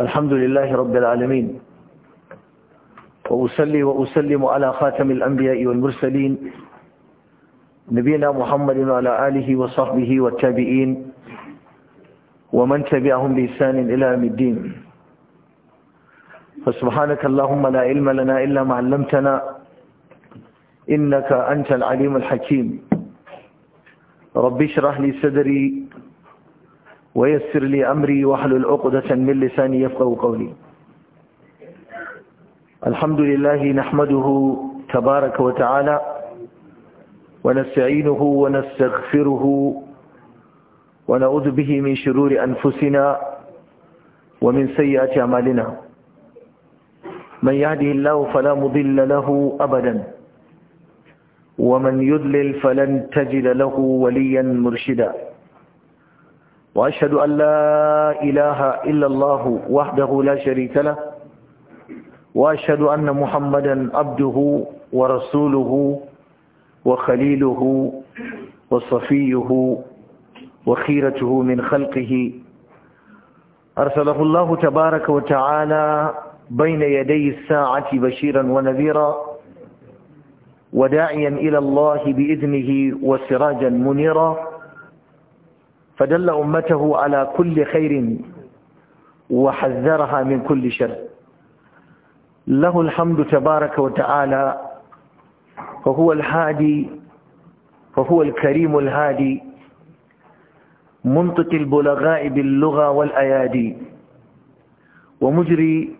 الحمد لله رب العالمين وأسلي وأسلم على خاتم الأنبياء والمرسلين نبينا محمد وعلى آله وصحبه والتابعين ومن تبعهم بإحسان إلى يوم الدين فسبحانك اللهم لا علم لنا إلا ما علمتنا إنك أنت العليم الحكيم رب اشرح لي صدري ويسر لي أمري واحلل عقدة من لساني يفقه قولي الحمد لله نحمده تبارك وتعالى ونستعينه ونستغفره ونعوذ به من شرور أنفسنا ومن سيئات أعمالنا من يهده الله فلا مضل له أبدا ومن يضلل فلن تجد له وليا مرشدا وأشهد أن لا إله إلا الله وحده لا شريك له وأشهد أن محمدا عبده ورسوله وخليله وصفيه وخيرته من خلقه أرسله الله تبارك وتعالى بين يدي الساعة بشيرا ونذيرا وداعيا إلى الله بإذنه وسراجا منيرا فدل أمته على كل خير وحذرها من كل شر له الحمد تبارك وتعالى فهو الهادي فهو الكريم الهادي منطق البلغاء باللغة والأيادي ومجري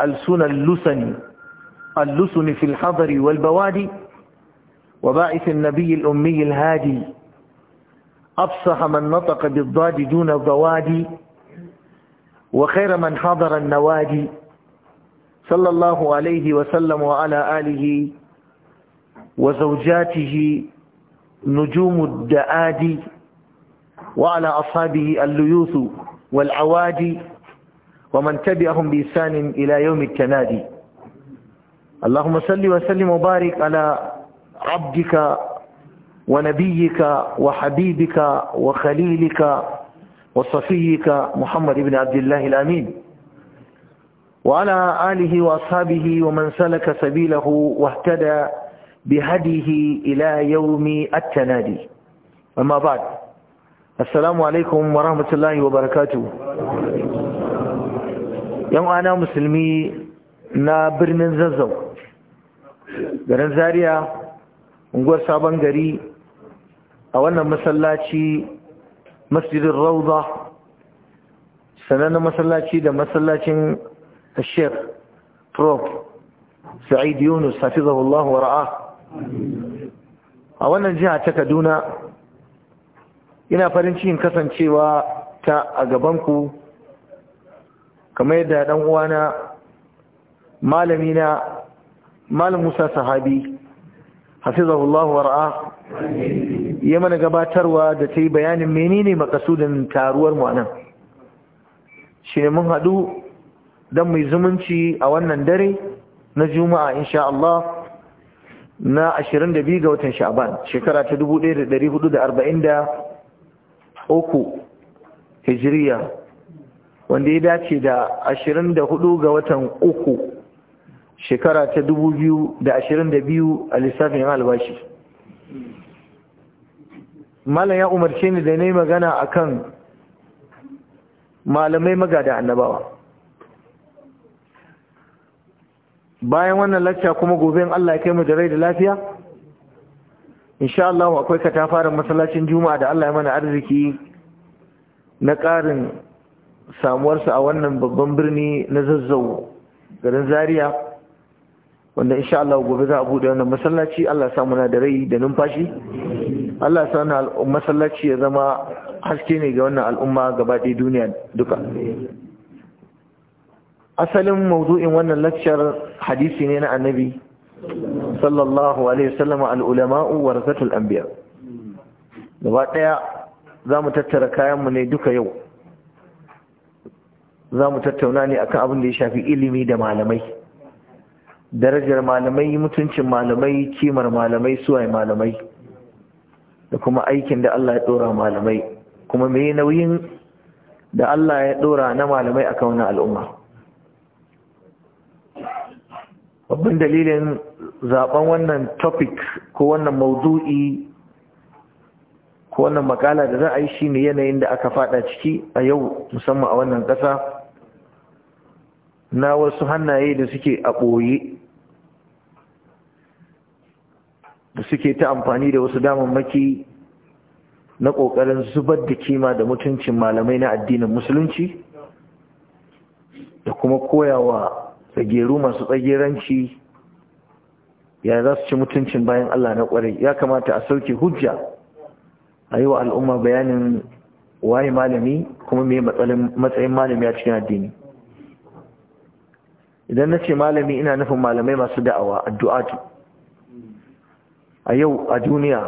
ألسن اللسن اللسن في الحضر والبوادي وباعث النبي الأمي الهادي أفصح من نطق بالضاد دون الضوادي وخير من حضر النوادي صلى الله عليه وسلم وعلى آله وزوجاته نجوم الدآدي وعلى أصحابه الليوث والعوادي ومن تبعهم بإسان إلى يوم التنادي اللهم صل وسلم وبارك على عبدك ونبيك وحبيبك وخليلك وصفيك محمد بن عبد الله الأمين وعلى آله وأصحابه ومن سلك سبيله واهتدى بهديه إلى يوم التنادي أما بعد السلام عليكم ورحمة الله وبركاته يوم أنا مسلمي na birnin zazzau garin zaria unguwar a wannan masallaci masjidin rauza sanannen masallaci da masallacin shek prof sa'id yunus hafizahullah wa ra'a a wannan jiha ta kaduna ina farin cikin kasancewa ta a gabanku kamar yadda dan uwana malamina malam musa sahabi hafizahullahu war'a ya mana gabatarwa da ta yi bayanin menene makasudin taruwar mu anan shi ne mun haɗu don mai zumunci a wannan dare na juma'a insha Allah na 22 ga watan sha'ban shekara ta 1443 hijriya, wanda ya dace da 24 ga watan uku shekara ta 2022 a lissafin albashi malam ya umarce ni da ne magana akan malamai magada annabawa bayan wannan lacca kuma gobe in Allah ya kai mu da rai da lafiya insha Allah akwai fara masallacin juma'a da Allah ya mana arziki na ƙarin samuwarsa a wannan babban birni na zazzau garin zaria wanda insha Allah gobe za a bude wannan masallaci Allah sa muna da rai da numfashi Allah sa wannan masallaci ya zama haske ne ga wannan al'umma gaba ɗaya duniya duka asalin mawdu'in wannan lecture hadisi ne na annabi sallallahu alaihi wasallam al wa warasatul anbiya gaba ɗaya za mu tattara kayanmu ne duka yau za mu tattauna ne akan abin da ya shafi ilimi da malamai darajar malamai mutuncin malamai kimar malamai suwaye malamai da kuma aikin da Allah ya ɗora malamai kuma mai nauyin da Allah ya dora na malamai a kauna al'umma babban dalilin zaben wannan topic ko wannan maudu'i ko wannan makala da za a yi shi ne yanayin da aka fada ciki a yau musamman a wannan ƙasa na wasu hannaye da suke a ɓoye da suke ta amfani da wasu damammaki na ƙoƙarin zubar da kima da mutuncin malamai na addinin musulunci da kuma koyawa tsageru masu tsageranci ya za su ci mutuncin bayan Allah na ƙwarai ya kamata a sauke hujja a yi wa al'umma bayanin waye malami kuma mai matsayin malami a cikin addini idan na ce malami ina nufin malamai masu da'awa addu'atu a yau a duniya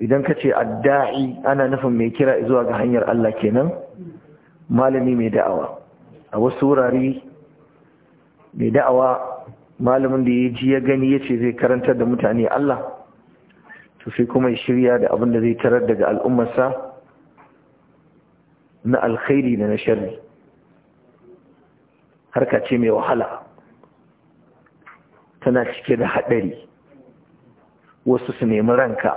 idan kace ce adda'i ana nufin mai kira zuwa ga hanyar Allah kenan malami mai da'awa a wasu wurare mai da'awa malamin da ya ji ya gani ya ce zai karantar da mutane Allah to sai kuma ya shirya da abin da zai tarar daga al'ummarsa na alkhairi da na sharri harka ce mai wahala tana cike da haɗari wasu su nemi ranka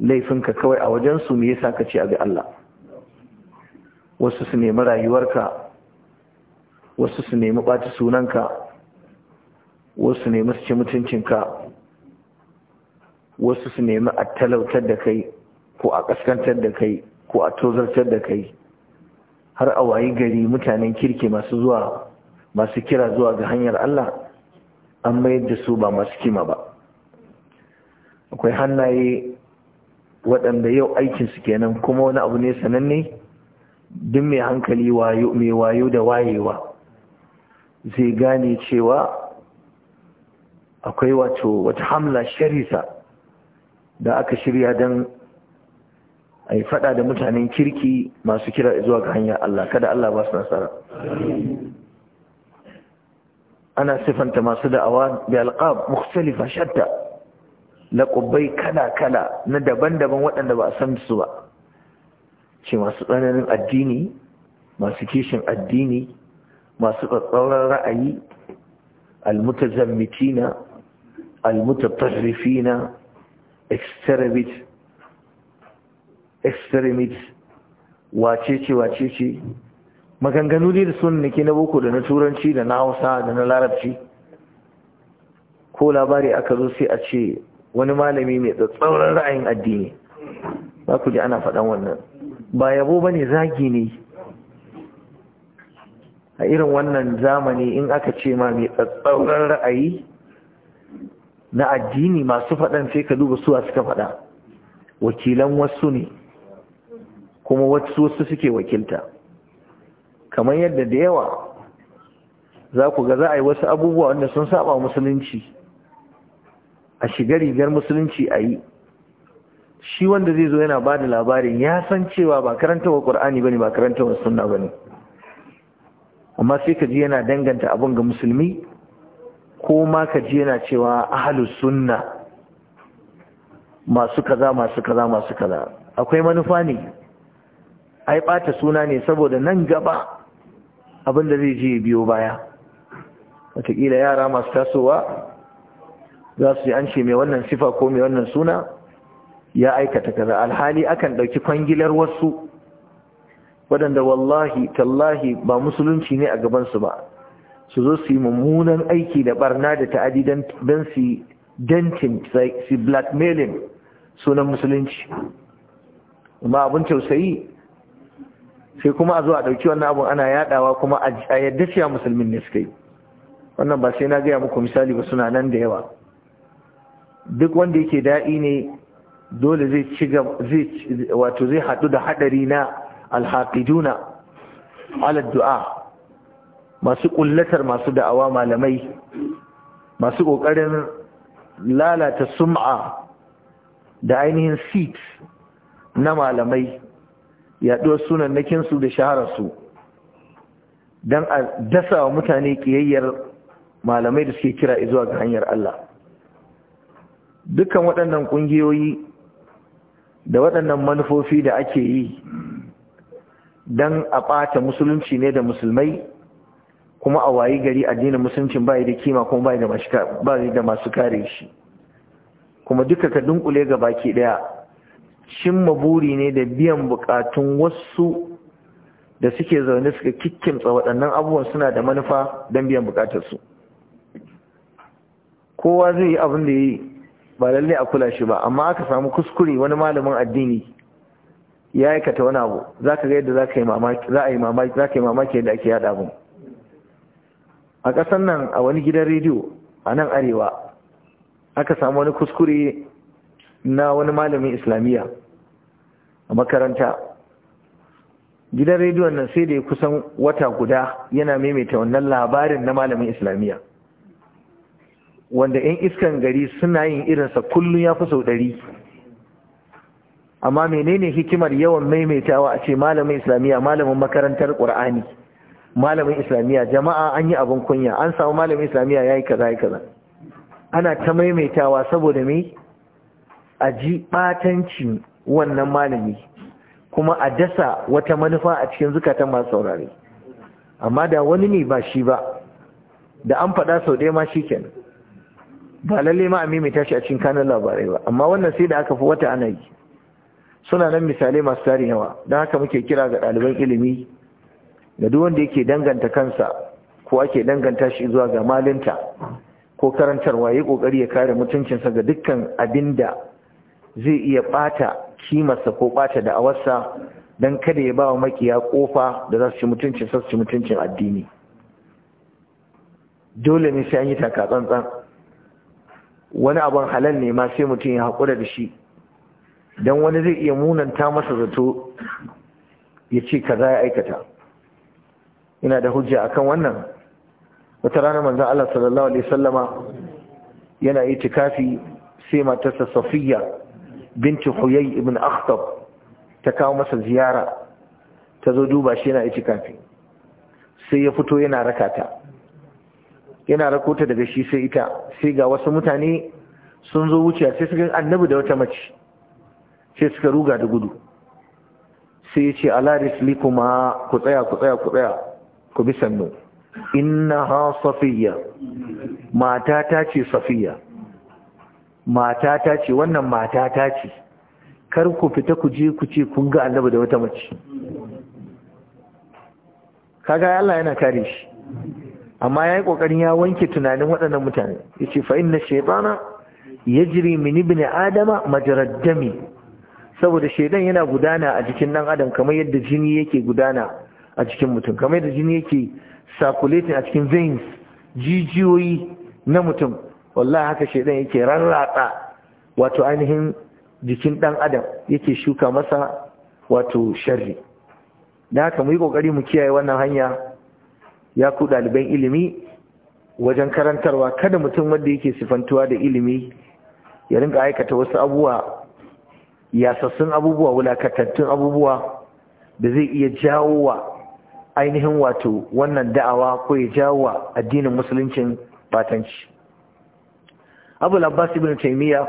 laifinka kawai a wajensu me yasa ka ce a ga Allah wasu su nemi rayuwarka wasu su nemi ɓata sunanka wasu su nemi su ci mutuncinka wasu su nemi a talautar da kai ko a ƙaskantar da kai ko a tozartar da kai har a wayi gari mutanen kirki masu zuwa masu kira zuwa ga hanyar Allah an mayar da su ba masu kima ba akwai hannaye waɗanda yau aikinsu kenan kuma wani abu ne sananne duk mai hankali mai wayo da wayewa zai gane cewa akwai wato wata hamla sharisa da aka shirya don a yi faɗa da mutanen kirki masu kira zuwa ga hanyar Allah kada Allah ba su nasara ana sifanta masu da'awa bi alqab mukhtalifa shatta laƙubai kala-kala na daban-daban waɗanda ba a san su ba ce masu tsananin addini masu kishin addini masu tsatsauran ra'ayi almutazammitina almutatarrifina extremist experiment wace ce wace ce maganganu ne da sun nake na boko da na turanci da na hausa da na larabci ko labari aka zo sai a ce wani malami mai tsatsauran ra'ayin addini za ku ji ana faɗan wannan ba yabo ba ne zagi ne a irin wannan zamani in aka ce ma mai tsatsauran ra'ayi na addini masu faɗan sai ka duba suwa suka faɗa wakilan wasu ne kuma wasu wasu suke wakilta kamar yadda da yawa za ku ga za a yi wasu abubuwa wanda sun saba musulunci a shiga rigar musulunci a yi shi wanda zai zo yana ba da labarin ya san cewa ba karanta wa ƙur'ani ba ne ba karanta wa suna ba ne amma sai ka ji yana danganta abin ga musulmi ko ma ka ji yana cewa ahalu sunna masu kaza masu kaza masu kaza akwai manufa ne ai bata suna ne saboda nan gaba abinda zai je biyo baya Wataƙila yara masu tasowa za su yi an ce mai wannan sifa ko mai wannan suna ya aikata kaza alhali akan ɗauki kwangilar wasu waɗanda wallahi tallahi ba musulunci ne a gabansu ba su zo su yi mummunan aiki da barna da ta'adi don su yi dentin su blackmailing sunan musulunci amma abin tausayi sai kuma a zo a ɗauki wannan abun ana yadawa kuma a yadda cewa musulmin ne suka yi wannan ba sai na gaya muku misali ba suna nan da yawa duk wanda yake da'i ne dole zai ci zai wato zai haɗu da haɗari na alhaƙiduna ala du'a masu ƙullatar masu da'awa malamai masu ƙoƙarin lalata sum'a da ainihin seat na malamai yaɗuwar sunannakinsu da shahararsu don a dasa wa mutane ƙiyayyar malamai da suke kira zuwa ga hanyar Allah dukkan waɗannan ƙungiyoyi da waɗannan manufofi da ake yi don a ɓata musulunci ne da musulmai kuma a wayi gari addinin musuluncin bayi da kima kuma bayi da masu kare shi kuma duka ka dunkule ga baki ɗaya cimma buri ne da biyan bukatun wasu da suke zaune suka kikkimtsa waɗannan abubuwan suna da manufa don biyan bukatarsu kowa zai yi abin da ya yi ba lalle a kula shi ba amma aka samu kuskure wani malamin addini ya aikata wani abu za ka ga yadda za ka yi mamaki yadda ake yada abin a ƙasar nan a wani gidan rediyo a nan arewa aka samu wani kuskure na wani malamin islamiyya a makaranta gidan rediyon nan sai da ya kusan wata guda yana maimaita wannan labarin na malamin islamiyya wanda 'yan iskan gari suna yin irinsa kullum ya fi sau ɗari amma menene hikimar yawan maimaitawa a ce malamin islamiyya malamin makarantar ƙur'ani malamin islamiyya jama'a an yi abin kunya an samu malamin islamiyya ya yi kaza ya kaza ana ta maimaitawa saboda me a ji ɓatanci wannan malami kuma a dasa wata manufa a cikin zukatan masu saurare amma da wani ne ba shi ba da an faɗa sau ɗaya ma shi kenan ba lalle ma mai tashi a cikin kanan labarai ba amma wannan sai da aka fi wata ana yi suna nan misalai masu tarin yawa don haka muke kira ga ɗaliban ilimi da duk wanda yake danganta kansa ko ake danganta shi zuwa ga malinta ko karantarwa ya kokari ya kare mutuncinsa ga dukkan abinda. zai iya ɓata kimarsa ko ɓata da'awarsa don kada ya ba wa makiya ƙofa da za su ci mutuncin su ci mutuncin addini dole ne sai an yi taka tsantsan wani abin halal ne ma sai mutum ya haƙura da shi don wani zai iya munanta masa zato ya ce ka za ya aikata ina da hujja akan wannan wata ranar manzan Allah sallallahu alaihi sallama yana tikafi sai matarsa safiya binti huyai Ibin akhtab ta kawo masa ziyara ta zo duba shi yana itikafi sai ya fito yana rakata yana rakota daga shi sai ita sai ga wasu mutane sun zo wuciya sai suka annabi da wata mace sai suka ruga da gudu sai ya ce alaris likuma ku tsaya ku tsaya ku tsaya ku bi sannu inna ha safiya mata ta ce safiya Mata ta ce wannan mata ta ce kar ku fita ku je ku ce kun ga Allah da wata mace kaga Allah yana kare shi amma yayi kokarin ya wanke tunanin waɗannan mutane yace fa inna shaytana yajri min ibni adama majrad dami saboda shaytan yana gudana a jikin dan adam kamar yadda jini yake gudana a cikin mutum kamar yadda jini yake circulating a cikin veins jijiyoyi na mutum wallahi haka shedan yake rarrata wato ainihin jikin dan adam yake shuka masa wato sharri da haka mu yi kokari mu kiyaye wannan hanya ya ku ɗaliban ilimi wajen karantarwa kada mutum wanda yake sifantuwa da ilimi ya rinka aikata wasu abubuwa yasassun abubuwa wulakantattun abubuwa da zai iya jawo wa ainihin wato wannan da'awa ko ya jawo wa addinin musuluncin batanci abu labbas ibn taimiyya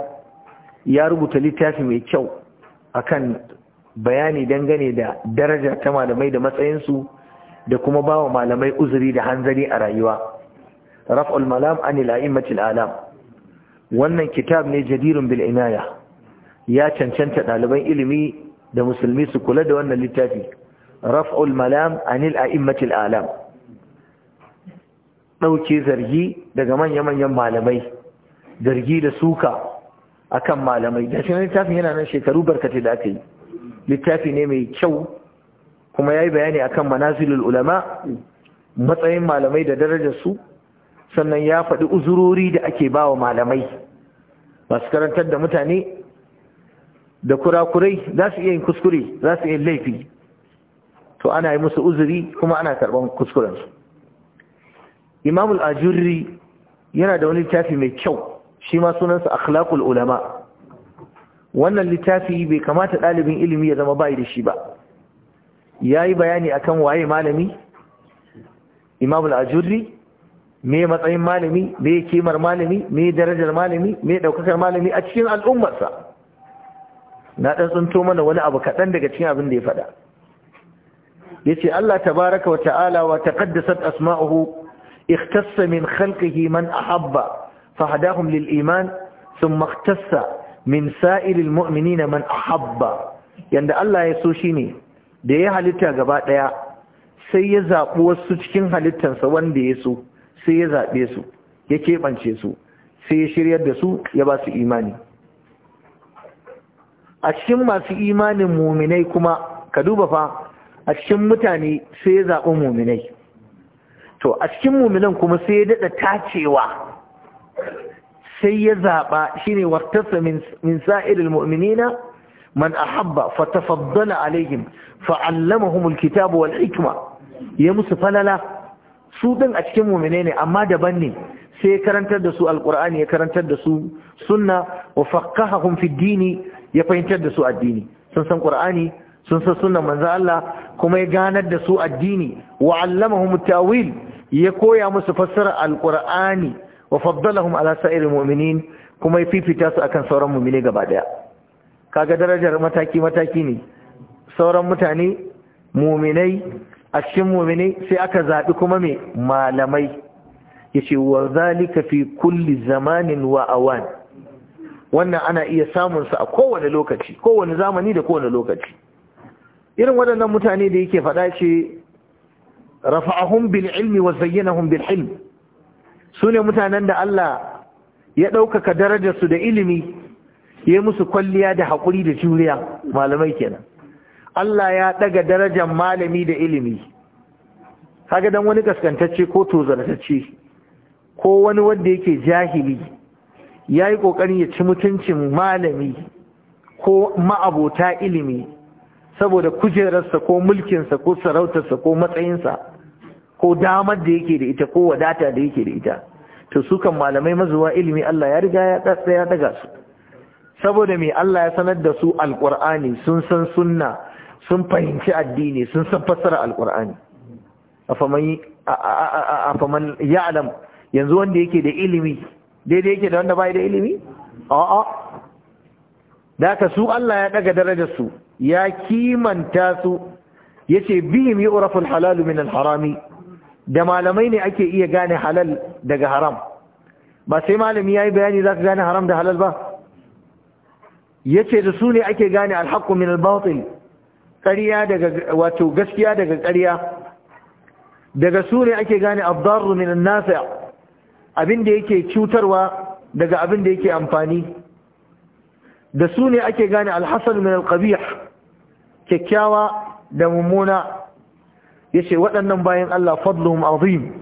ya rubuta littafi mai kyau akan bayani dangane da daraja ta malamai da matsayinsu da kuma bawa malamai uzuri da hanzari a rayuwa raf'ul malam anil a'immatil alam wannan kitab ne jadirun bil inaya ya cancanta ɗaliban ilimi da musulmi su kula da wannan littafi raf'ul malam anil a'immatil alam ɗauke zargi daga manya-manyan malamai zargi da suka akan malamai da shi littafin yana nan shekaru barkatai da aka yi littafi ne mai kyau kuma ya yi bayani akan manazilul ulama matsayin malamai da darajarsu sannan ya faɗi uzurori da ake ba wa malamai masu karantar da mutane da kurakurai za su iya yin kuskure za su iya laifi to ana yi musu uzuri kuma ana karɓar kuskurensu imamul ajurri yana da wani littafi mai kyau shi ma sunansa akhlaqul ulama wannan littafi bai kamata ɗalibin ilimi ya zama bai da shi ba yayi bayani akan waye malami imam al-ajurri me matsayin malami me kimar malami me darajar malami me daukakar malami a cikin al'ummarsa na dan tsunto mana wani abu kaɗan daga cikin abin da ya faɗa yace Allah tabaraka wa ta'ala wa taqaddasat asma'uhu ikhtassa min khalqihi man ahabba فهداهم للإيمان ثم اختص من سائر المؤمنين من أحب yanda Allah ya so shine da ya halitta gaba ɗaya sai ya zaɓi wasu cikin halittansa wanda ya so sai ya zaɓe su ya keɓance su sai ya shiryar da su ya ba su imani a cikin masu imanin muminai kuma ka duba fa a cikin mutane sai ya zaɓi muminai to a cikin muminan kuma sai ya daɗa tacewa sai ya zaɓa shine wartasa min sa'irin mu'minina man ahabba fatafaddala alaihim humul, kitabu wal hikma ya musu falala su din a cikin mu'mine ne amma daban ne sai ya karantar da su alqur'ani ya karantar da su suna wa faqqahahum fi dini ya fahimtar da su addini sun san qur'ani sun san Allah kuma ya ganar da su addini Wa'allama allamahum tawil ya koya musu fassara alqur'ani wa faddalahum ala sa'iril mu'minin kuma ya fifita su akan sauran mu'mini gaba daya kaga darajar mataki mataki ne sauran mutane mu'minai a cikin mu'minai sai aka zabi kuma me malamai yace wa zalika fi kulli zamanin wa awan wannan ana iya samun sa a kowane lokaci kowane zamani da kowane lokaci irin waɗannan mutane da yake faɗa ce rafa'ahum bil ilmi wa zayyanahum bil ilmi su ne mutanen da Allah ya ɗaukaka darajarsu da ilimi ya musu kwalliya da haƙuri da juriya malamai kenan Allah ya ɗaga darajar malami da ilimi haka don wani kaskantacce ko tozartacce ko wani wanda yake jahili ya yi ƙoƙarin ya ci mutuncin malami ko ma'abota ilimi saboda kujerarsa ko mulkinsa ko sarautarsa ko matsayinsa ko damar da yake da ita ko wadata da yake da ita to sukan malamai mazuwa ilimi Allah ya riga ya tsaya daga su saboda me Allah ya sanar da su alqur'ani sun san sunna sun fahimci addini sun san fassara alqur'ani afa man ya'lam yanzu wanda yake da ilimi daidai yake da wanda bai da ilimi a'a da ka su Allah ya daga darajar su ya kimanta su yace bihim yu'rafu al-halalu min al-harami da malamai ne ake iya gane halal daga haram ba sai malami ya yi bayani za ka gane haram da halal ba ya ce da su ne ake gane alhaku min albatil ƙarya daga wato gaskiya daga ƙarya daga su ne ake gane abdarru min annasa abin da yake cutarwa daga abin da yake amfani da su ne ake gane alhassan min alqabih kyakkyawa da mummuna yace waɗannan bayan Allah Fadlum azim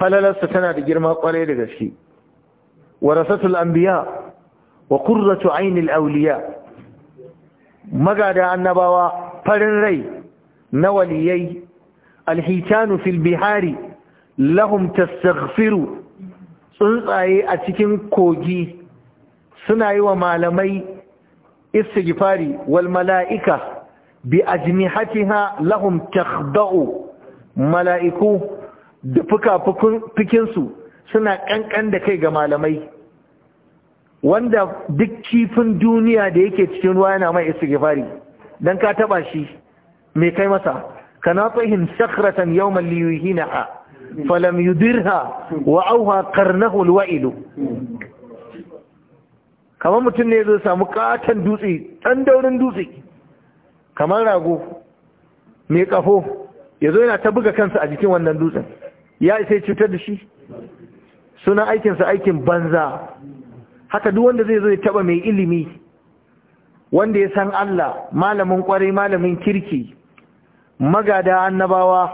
falalarsa tana da girma kwarai da gaske warasatul anbiya wa qurratu ainil awliya magada annabawa farin rai na waliyai alhitanu fil bihari lahum tastaghfiru tsuntsaye a cikin kogi suna yi wa malamai istighfari wal mala'ika bi ajnihatiha lahum takhda'u mala'iku da su suna ƙanƙan da kai ga malamai wanda duk kifin duniya da yake cikin ruwa yana mai istighfari dan ka taba shi me kai masa kana sakratan yawman liyuhina falam yudirha wa auha qarnahu alwa'ilu kamar mutum ne zai samu ƙaton dutse ɗan daurin dutse kamar rago mai ƙafo. ya zo yana ta buga kansa a jikin wannan dutsen ya isa cutar da shi suna aikinsa aikin banza haka duk wanda zai zo ya taba mai ilimi wanda ya san Allah malamin kwarai malamin kirki magada annabawa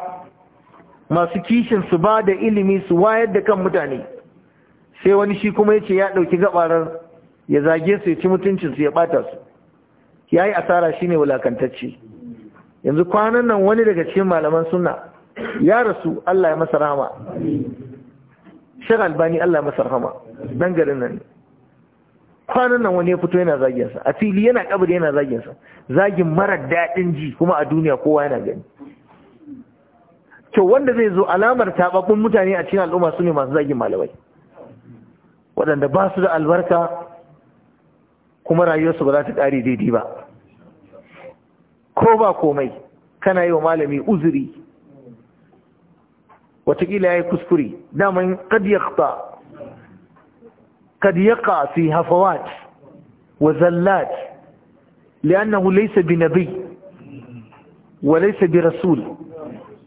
masu kishin su ba da ilimi su wayar da kan mutane sai wani shi kuma ya ce ya ɗauki gabarar ya zage su ya ci mutuncinsu ya ɓata su ya yi asara shi ne wulakantacce yanzu kwanan nan wani daga cikin malaman suna ya rasu Allah ya masa rahama shagal bani Allah ya masa rahama dan garin nan kwanan nan wani ya fito yana zaginsa a fili yana kabari yana zaginsa zagin mara daɗin ji kuma a duniya kowa yana gani Kyau wanda zai zo alamar taɓaɓɓun mutane a cikin al'umma su ne masu zagin malamai waɗanda ba su da albarka kuma rayuwarsa ba za ta ƙare daidai ba ko ba komai kana yi wa malami uzuri watakila ya yi kuskure daman kadiyakta kadiyaka fi hafawat wa zallat na laysa bi nabi wa laisa bi rasul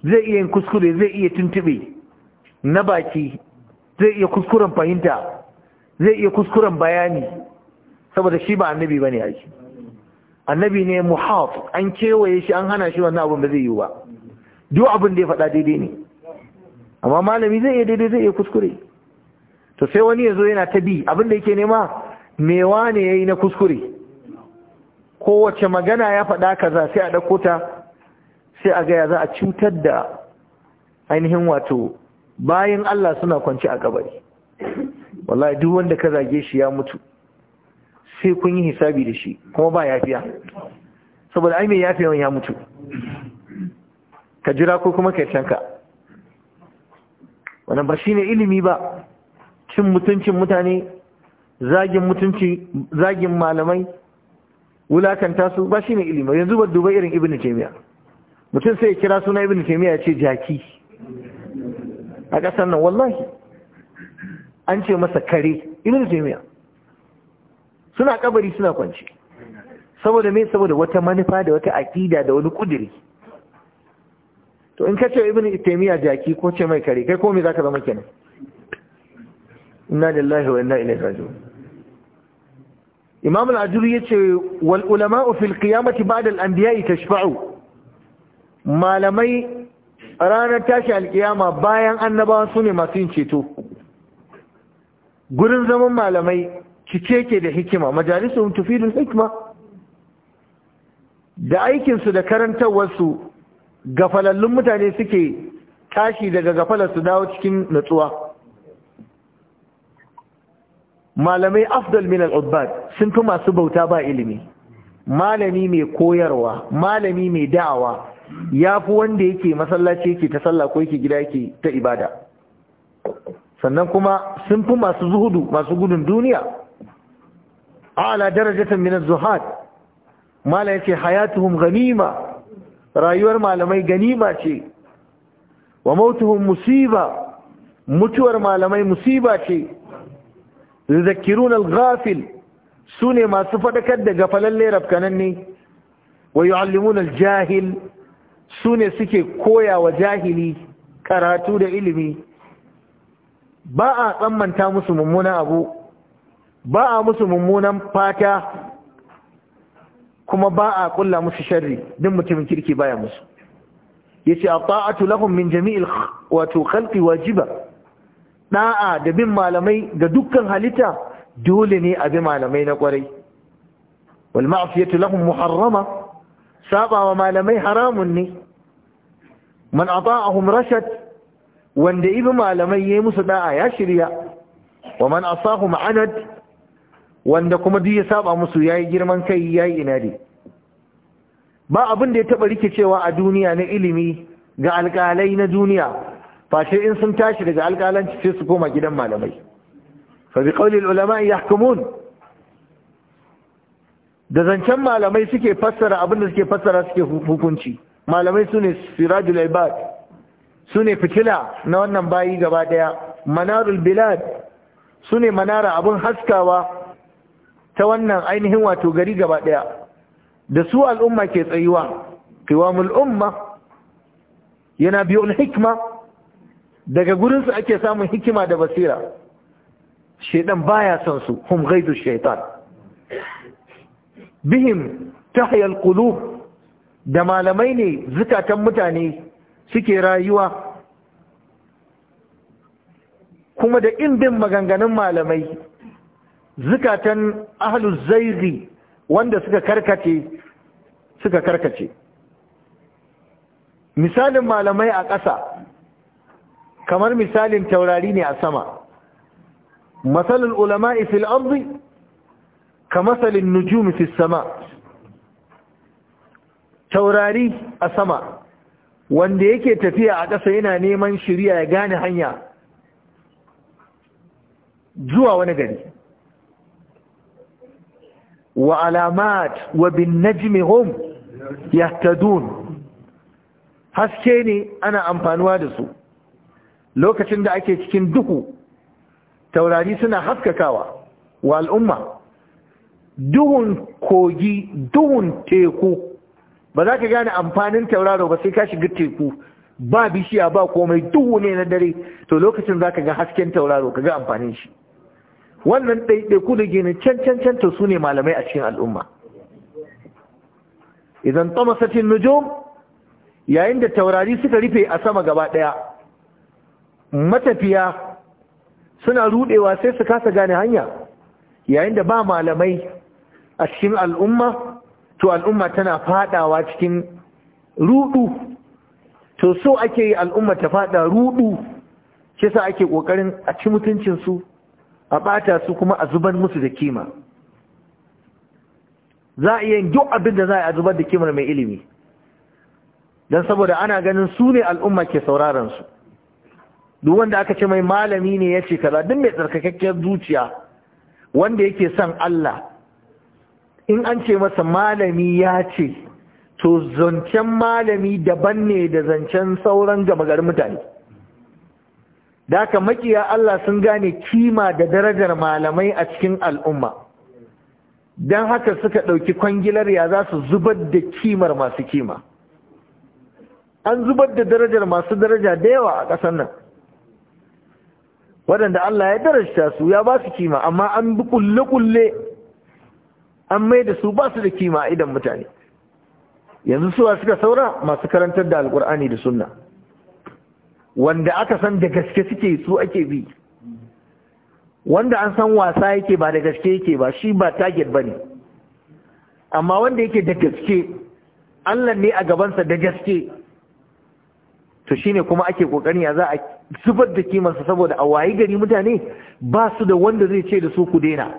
zai iya kuskure zai iya tuntube na baki zai iya kuskuren fahimta zai iya kuskuren bayani saboda shi ba annabi bane a shi annabi ne muhaf an kewaye shi an hana shi wannan abin da zai yi ba duk abin da ya faɗa daidai ne amma malami zai iya daidai zai iya kuskure to sai wani ya zo yana ta bi abin da yake nema mewa ne ya yi na kuskure kowace magana ya faɗa kaza sai a ɗauko ta sai a gaya za a cutar da ainihin wato bayan Allah suna kwanci a kabari wallahi duk wanda ka zage shi ya mutu sai kun yi hisabi da shi kuma ba yafiya saboda ai mai yafiyan ya mutu ka jira ko kuma ka canka wannan ba shine ilimi ba cin mutuncin mutane zagin mutunci zagin malamai wulakanta su ba shine ilimi yanzu ba duba irin ibnu taymiya mutum sai ya kira suna ibnu taymiya ya ce jaki a ƙasar nan wallahi an ce masa kare ibnu taymiya suna kabari suna kwanci saboda me saboda wata manufa da wata aƙida da wani ƙudiri to in ka ce ibn taymiya jaki ko ce mai kare kai ko me zaka zama kenan inna lillahi wa inna ilaihi raji'un imam al-ajuri yace wal ulama'u fil qiyamati ba'da al-anbiya'i tashfa'u malamai ranar tashi alkiyama bayan annabawa su ne masu yin ceto gurin zaman malamai cike ke da hikima majalisun tufidu hikima. da aikinsu da karantarwarsu gafalallun mutane suke tashi daga gafalar su dawo cikin natsuwa malamai afdal min al'ubbad sun fi masu bauta ba ilimi malami mai koyarwa malami mai da'awa ya fi wanda yake masallaci yake ta sallah ko yake gida yake ta ibada sannan kuma sun fi masu zuhudu masu gudun duniya ala darajatan min az-zuhad mala yake hayatuhum ganima rayuwar malamai ganima ce wa mautuhum musiba mutuwar malamai musiba ce yuzakkiruna al-ghafil sune masu fadakar da gafalalle ne. wa yuallimuna al-jahil sune suke koya wa jahili karatu da ilimi ba a tsammanta musu mummuna abu ba a musu mummunan fata kuma ba a kulla musu sharri duk mutumin kirki baya musu yace ata'atu lahum min jami'il wato khalqi wajiba da'a da bin malamai ga dukkan halitta dole ne a bi malamai na kwarai wal ma'siyatu lahum muharrama saba wa malamai haramun ne man ata'ahum rashad wanda ibi malamai yayi musu da'a ya shirya wa man asahum anad wanda kuma duk ya saba musu yayi girman kai yayi inadi ba abin da ya taba cewa a duniya na ilimi ga alƙalai na duniya Fashe in sun tashi daga alƙalanci sai su koma gidan malamai fa bi qawli ulama yahkumun da zancen malamai suke fassara abin da suke fassara suke hukunci malamai su sune sirajul ibad ne fitila na wannan bayi gaba daya manarul bilad su ne manara abin haskawa ta wannan ainihin wato gari gaba daya da su al'umma ke tsayuwa kiwamul umma yana biyun hikima, daga gurin su ake samun hikima da basira shedan baya son su hum ghaidu shaytan bihim tahya alqulub da malamai ne zukatan mutane suke rayuwa kuma da in maganganun malamai zukatan ahlul zairi wanda suka karkace suka karkace misalin malamai a ƙasa kamar misalin taurari ne a sama masalin ulama'i fil ardi ka masalin nujumi fis sama taurari a sama wanda yake tafiya a ƙasa yana neman shirya ya gane hanya zuwa wani gari wa alamat wa bin najmi hum tadun haske ne ana amfanuwa da su lokacin da ake cikin duhu taurari suna haskakawa wa al'umma duhun kogi duhun teku ba za ka gane amfanin tauraro ba sai ka shiga teku ba bishiya ba komai duhu ne na dare to lokacin za ka ga hasken tauraro ka ga amfanin shi wannan ɗaiɗaiku da gini can can can to su ne malamai a cikin al'umma idan satin nujum yayin da taurari suka rufe a sama gaba ɗaya matafiya suna ruɗewa sai su kasa gane hanya yayin da ba malamai a cikin al'umma to al'umma tana faɗawa cikin ruɗu, to so ake yi al'umma ta faɗa ruɗu, shi ake ƙoƙarin a ci mutuncinsu a ɓata su kuma a zubar musu da kima za a iya duk abin da za a zubar da kimar mai ilimi don saboda ana ganin su ne al'umma ke sauraron su duk wanda aka ce mai malami ne ya ce kaza duk mai tsarkakakken zuciya wanda yake son Allah in an ce masa malami ya ce to zancen malami daban ne da zancen sauran gama garin mutane daka makiya Allah sun gane kima da darajar malamai a cikin al'umma don haka suka ɗauki kwangilar ya za su zubar da kimar masu kima an zubar da darajar masu daraja da yawa a ƙasar nan waɗanda Allah ya darajta su ya ba su kima amma an bi ƙulle kulle an mai da su ba su da kima a idan mutane yanzu suwa suka saura masu karantar da alkur'ani da sunna wanda aka san da gaske suke su ake bi wanda an san wasa yake ba da gaske yake ba shi ba target ba ne amma wanda yake da gaske allah ne a gabansa da gaske to shi ne kuma ake kokari ya za a zubar da kimarsa saboda a wayi gari mutane ba su da wanda zai ce da su ku daina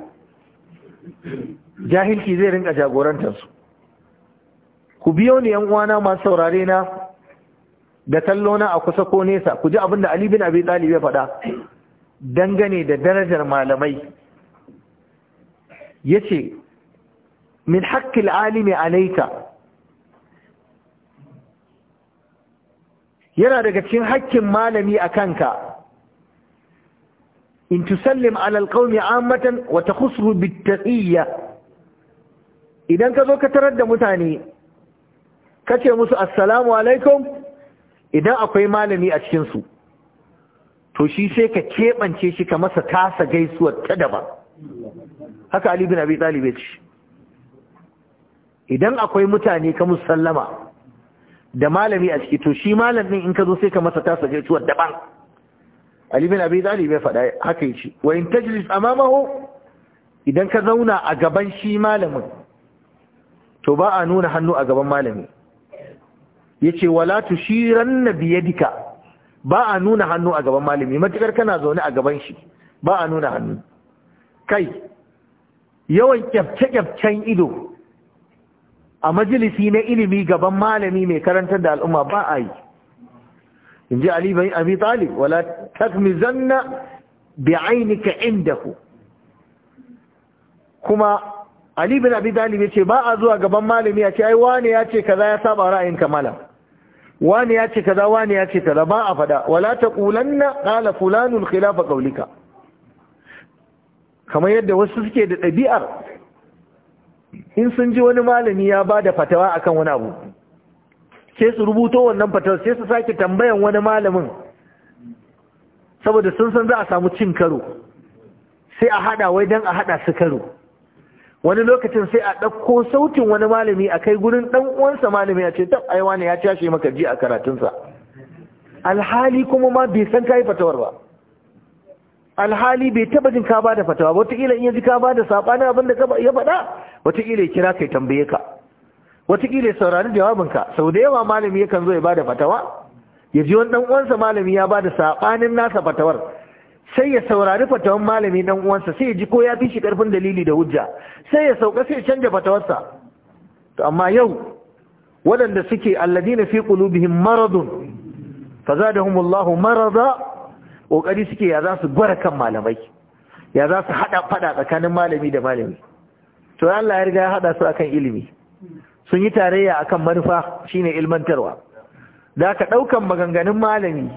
jahilci zai rinka jagorantarsu ku biyo ni yan uwana masu saurare na da tallona a kusa ko nesa ku ji abin da Ali bin Abi Talib ya faɗa dangane da darajar malamai yace min haqqil alimi alayka yana daga cikin haƙƙin malami a kanka in tusallim ala alqawmi ammatan wa takhusru bittaqiyya idan ka zo ka tarar da mutane kace musu assalamu alaikum idan akwai malami a cikinsu to shi sai ka keɓance shi ka masa tasa gaisuwar ta daban haka Ali bin Abi Talib ya ce idan akwai mutane ka musallama da malami a ciki to shi malamin in ka zo sai ka masa tasa gaisuwar daban Ali bin Abi Talib ya faɗa haka yace wa in tajlis amamahu idan ka zauna a gaban shi malamin to ba a nuna hannu a gaban malami yace wala tushiranna biyadika ba a nuna hannu a gaban malami matukar kana zaune a gaban shi ba a nuna hannu kai yawan kyafce-kyafcen ido a majalisi na ilimi gaban malami mai karantar da al'umma ba a yi in ji alibayi abi talib wala takmizanna bi ainika indahu kuma Ali bin Abi Talib yace ba a zuwa gaban malami ya ce ai ya ce kaza ya saba ra'ayin kamala wani ya ce kaza wani ya ce kaza ba a fada wala ta taqulanna qala fulanun khilafa qawlika kamar yadda wasu suke da ɗabi'ar in sun ji wani malami ya ba da fatawa akan wani abu sai su rubuto wannan fatawa sai su sake tambayan wani malamin saboda sun san za a samu cin karo sai a haɗa wai don a haɗa su karo wani lokacin sai a ɗauko sautin wani malami a kai gurin ɗan uwansa malami a ce tab aiwa ne ya cashe maka ji a karatunsa alhali kuma ma bai san kai fatawar ba alhali bai taba jin ka bada fatawa wataƙila in ya ji ka bada saɓanin abin da ya faɗa wataƙila ya kira kai tambaye ka wataƙila ya saurari jawabinka sau da yawa malami yakan zo ya bada fatawa ya ji wani ɗan uwansa malami ya da saɓanin nasa fatawar sai ya saurari fatawan malami dan uwansa sai ya ji ko ya fi shi karfin dalili da hujja sai ya sauka sai ya canja fatawarsa to amma yau waɗanda suke alladina fi qulubihim maradun fazadahumullahu marada kokari suke ya za su kan malamai ya za su hada fada tsakanin malami da malami to Allah ya riga ya hada su akan ilimi sun yi tarayya akan manufa shine ilmantarwa da ka daukan maganganun malami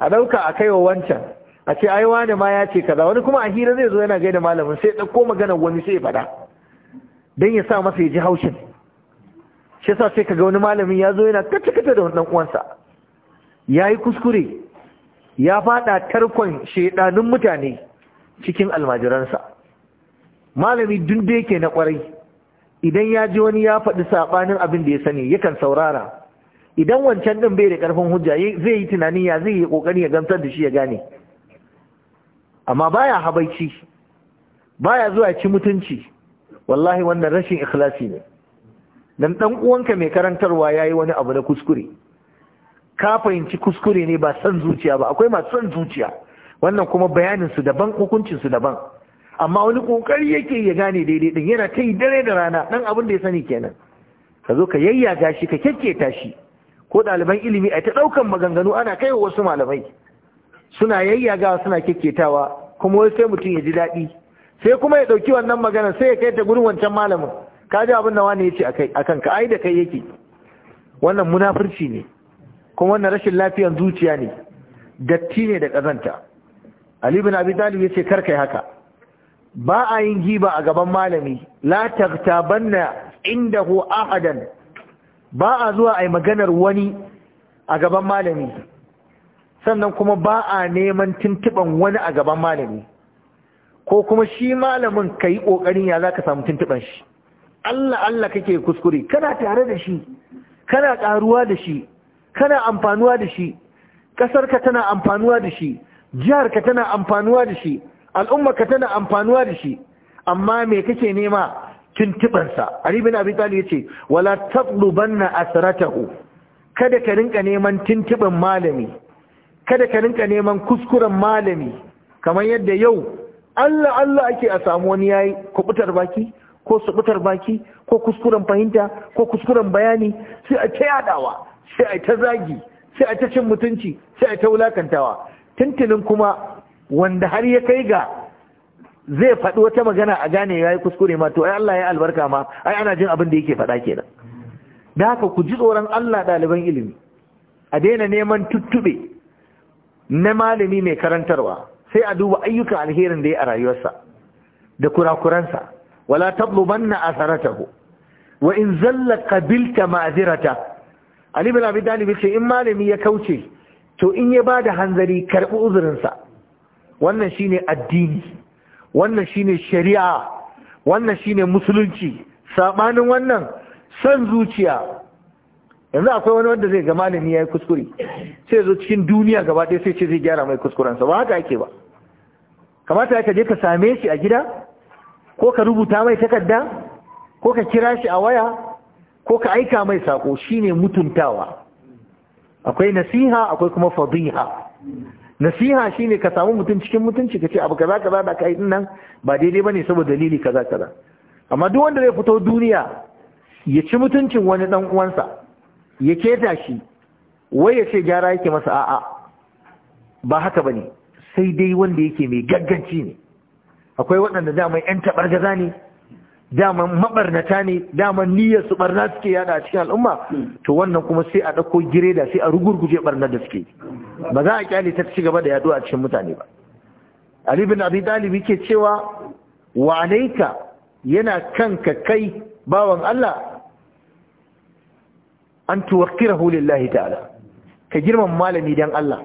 a dauka a wa wancan a ce ai wani ma ya ce kaza wani kuma a hira zai zo yana gaida malamin sai ɗauko magana wani sai faɗa don ya sa masa ya ji haushin shi yasa sai kaga wani malamin ya zo yana kace-kace da wannan uwansa ya yi kuskure ya faɗa tarkon shaidanun mutane cikin almajiransa malami dun da yake na kwarai idan ya ji wani ya faɗi saɓanin abin da ya sani yakan saurara idan wancan ɗin bai da ƙarfin hujja zai yi tunanin ya zai yi ƙoƙari ya gamsar da shi ya gane amma baya habaici baya zuwa ci mutunci wallahi wannan rashin ikhlasi ne dan dan uwanka mai karantarwa yayi wani abu na kuskure ka fahimci kuskure ne ba san zuciya ba akwai masu san zuciya wannan kuma bayanin su daban hukuncin su daban amma wani kokari yake ya gane daidai din yana ta yi dare da rana dan abin da ya sani kenan ka zo ka yayyaga shi ka kyakketa shi ko ɗaliban ilimi a ta ɗaukan maganganu ana kai wa wasu malamai suna yayyagawa suna keketawa kuma wai sai mutum ya ji daɗi sai kuma ya ɗauki wannan magana sai ya kai ta gurin wancan malamin ka ji abin da wani ya ce a ka ai da kai yake wannan munafurci ne kuma wannan rashin lafiyan zuciya ne datti ne da ƙazanta ali bin abi talib ya ce kar kai haka ba a yin giba a gaban malami la inda indahu ahadan ba a zuwa ai maganar wani a gaban malami sannan kuma ba a neman tuntuɓan wani a gaban malami ko kuma shi malamin ka yi ƙoƙarin ya za ka samu tuntuɓan shi Allah Allah kake kuskure kana tare da shi kana ƙaruwa da shi kana amfanuwa da shi ƙasarka tana amfanuwa da shi jiharka tana amfanuwa da shi al'ummarka tana amfanuwa da shi amma me kake nema tuntuɓansa Ali bin Abi Talib yace wala tatlubanna asratahu kada ka rinka neman tuntuɓin malami kada ka rinka neman kuskuren malami kamar yadda yau Allah Allah ake a samu wani yayi kubutar baki ko subutar baki ko kuskuren fahimta ko kuskuren bayani sai a ta yadawa sai a ta zagi sai a ta cin mutunci sai a ta wulakantawa tuntunin kuma wanda har ya kai ga zai faɗi wata magana a gane yayi kuskure ma to ai Allah ya albarka ma ai ana jin abin da yake faɗa kenan da haka ku ji tsoron Allah ɗaliban ilimi a daina neman tuttube na malami mai karantarwa sai a duba ayyukan alherin da ya a rayuwarsa da kurakuransa wala na asaratahu wa in zalla qabilta ma'zirata ali bin abi ce in malami ya kauce to in ya bada hanzari karɓi uzurinsa wannan ne addini wannan ne shari'a wannan shine musulunci Saɓanin wannan son zuciya yanzu akwai wani wanda zai ga malami ya yi kuskure sai zo cikin duniya gaba ɗaya sai ce zai gyara mai kuskurensa ba haka ake ba kamata ya ka je ka same shi a gida ko ka rubuta mai takarda ko ka kira shi a waya ko ka aika mai sako shine mutuntawa akwai nasiha akwai kuma fadiha nasiha shine ka samu mutum cikin mutunci ka ce abu kaza kaza da kai din nan ba daidai bane saboda dalili kaza kaza amma duk wanda zai fito duniya ya ci mutuncin wani dan uwansa ya keta shi wai ya ce gyara yake masa a'a ba haka ba ne sai dai wanda yake mai gagganci ne akwai waɗanda damar 'yan taɓargaza ne daman maɓarnata ne damar niyyar su ɓarna suke yada a cikin al'umma to wannan kuma sai a ɗauko gireda sai a rugurguje ɓarnar da suke ba za a kyale ta ci gaba da yaɗo a cikin mutane ba Ali bin Abi Talib yake cewa wa alayka yana kanka kai bawan Allah an tuwakira hulun lillahi ta'ala ka girman malami don Allah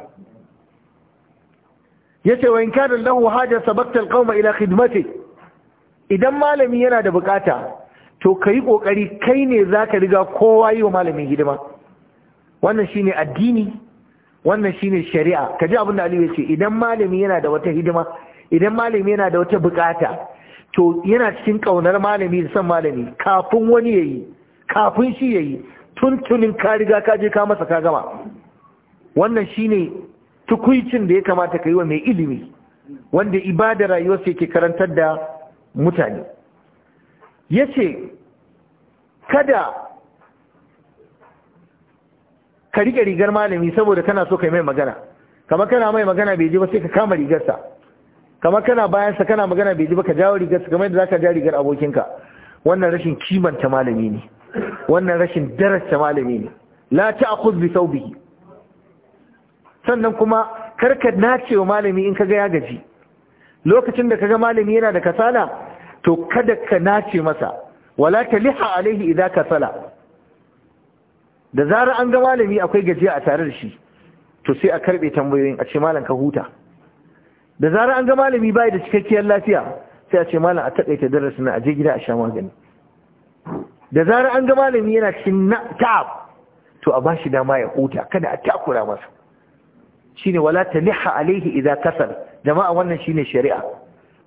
Ya ce wa in kada lahu haja sabattar kauma ila khidmati idan malami yana da bukata to ka yi kokari kai ne za ka riga kowa yi wa malamin hidima wannan shi ne addini wannan shi ne shari'a Ka ji abin da Aliyu ce idan malami yana da wata hidima idan malami yana da wata bukata to yana cikin kaunar malami da san malami kafin wani ya yi, kafin shi ya yi. tuntunin ka riga ka je ka masa ka gama wannan shine tukuicin da ya kamata ka yi wa mai ilimi wanda ibada rayuwar sai ke karantar da mutane yace kada ka riƙe rigar malami saboda kana so kai mai magana kamar kana mai magana bai ji ba sai ka kama rigarsa kamar kana bayansa kana magana bai ji ba ka jawo rigarsa kamar yadda za ka ja rigar abokinka wannan rashin kimanta malami ne wannan rashin darasta malami ne la ta'khudh bi thawbihi sannan kuma karka nace wa malami in kaga ya gaji lokacin da kaga malami yana da kasala to kada ka nace masa wala taliha alaihi idza kasala da zarar an ga malami akwai gajiya a tare da shi to sai a karbe tambayoyin a ce malam ka huta da zarar an ga malami bai da cikakkiyar lafiya sai a ce malam a takaita darasin a je gida a sha magani da zarar an ga malami yana cikin ta'ab to a bashi dama ya huta kada a takura masa shine wala taliha alaihi idza kasal jama'a wannan shine shari'a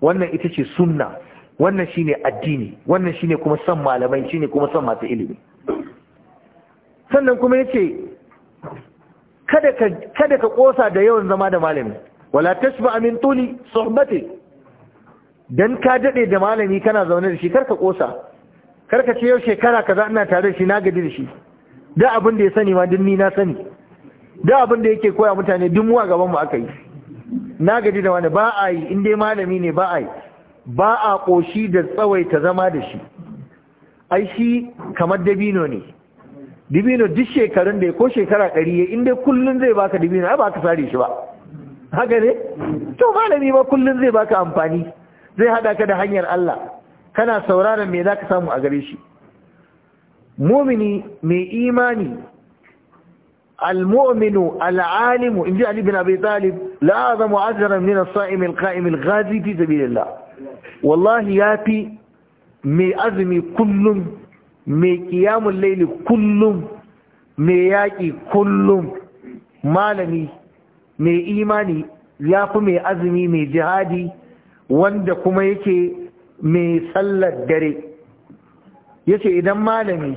wannan ita ce sunna wannan shine addini wannan shine kuma san malamai shine kuma san masu ilimi sannan kuma yace kada ka kada ka kosa da yawan zama da malami wala tashba min tuli suhbati dan ka dade da malami kana zaune da shi karka kosa karka ce yau shekara kaza ina tare da shi na gaji da shi da abin da ya sani ma dun ni na sani da abin da yake koya mutane duk mu a gaban mu aka yi na gaji da wani ba a yi in dai malami ne ba a yi ba a koshi da tsawai ta zama da shi ai shi kamar dabino ne dabino duk shekarun da ya ko shekara ɗari ya inda kullum zai baka dabino ai ba ka sare shi ba haka ne to malami ba kullum zai baka amfani zai hada ka da hanyar Allah kana sauraron me za ka samu a gare shi mumini mai imani al'alimu, العالم إن جاء علي بن أبي طالب لأعظم أجرا من الصائم القائم الغازي في سبيل Wallahi ya fi mai azumi kullum mai kiyamun laili kullum mai yaƙi kullum malami mai imani ya fi mai azumi mai jihadi wanda kuma yake mai sallar dare ya ce idan malami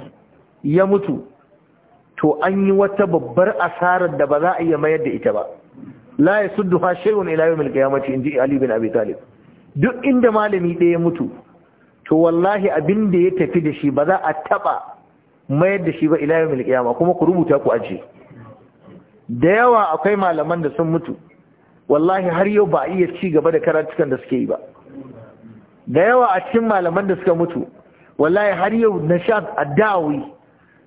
ya mutu to an yi wata babbar asarar da ba za a iya mayar da ita ba la yasudduha shay'un ila yawmil in ji ali bin abi talib duk inda malami ɗaya ya mutu to wallahi abin da ya tafi da shi ba za a taba mayar da shi ba ilayu yawmil kuma ku rubuta ku aje da yawa akwai malaman da sun mutu wallahi har yau ba a iya ci gaba da karatukan da suke yi ba da yawa a cikin malaman da suka mutu wallahi har yau nashad addawi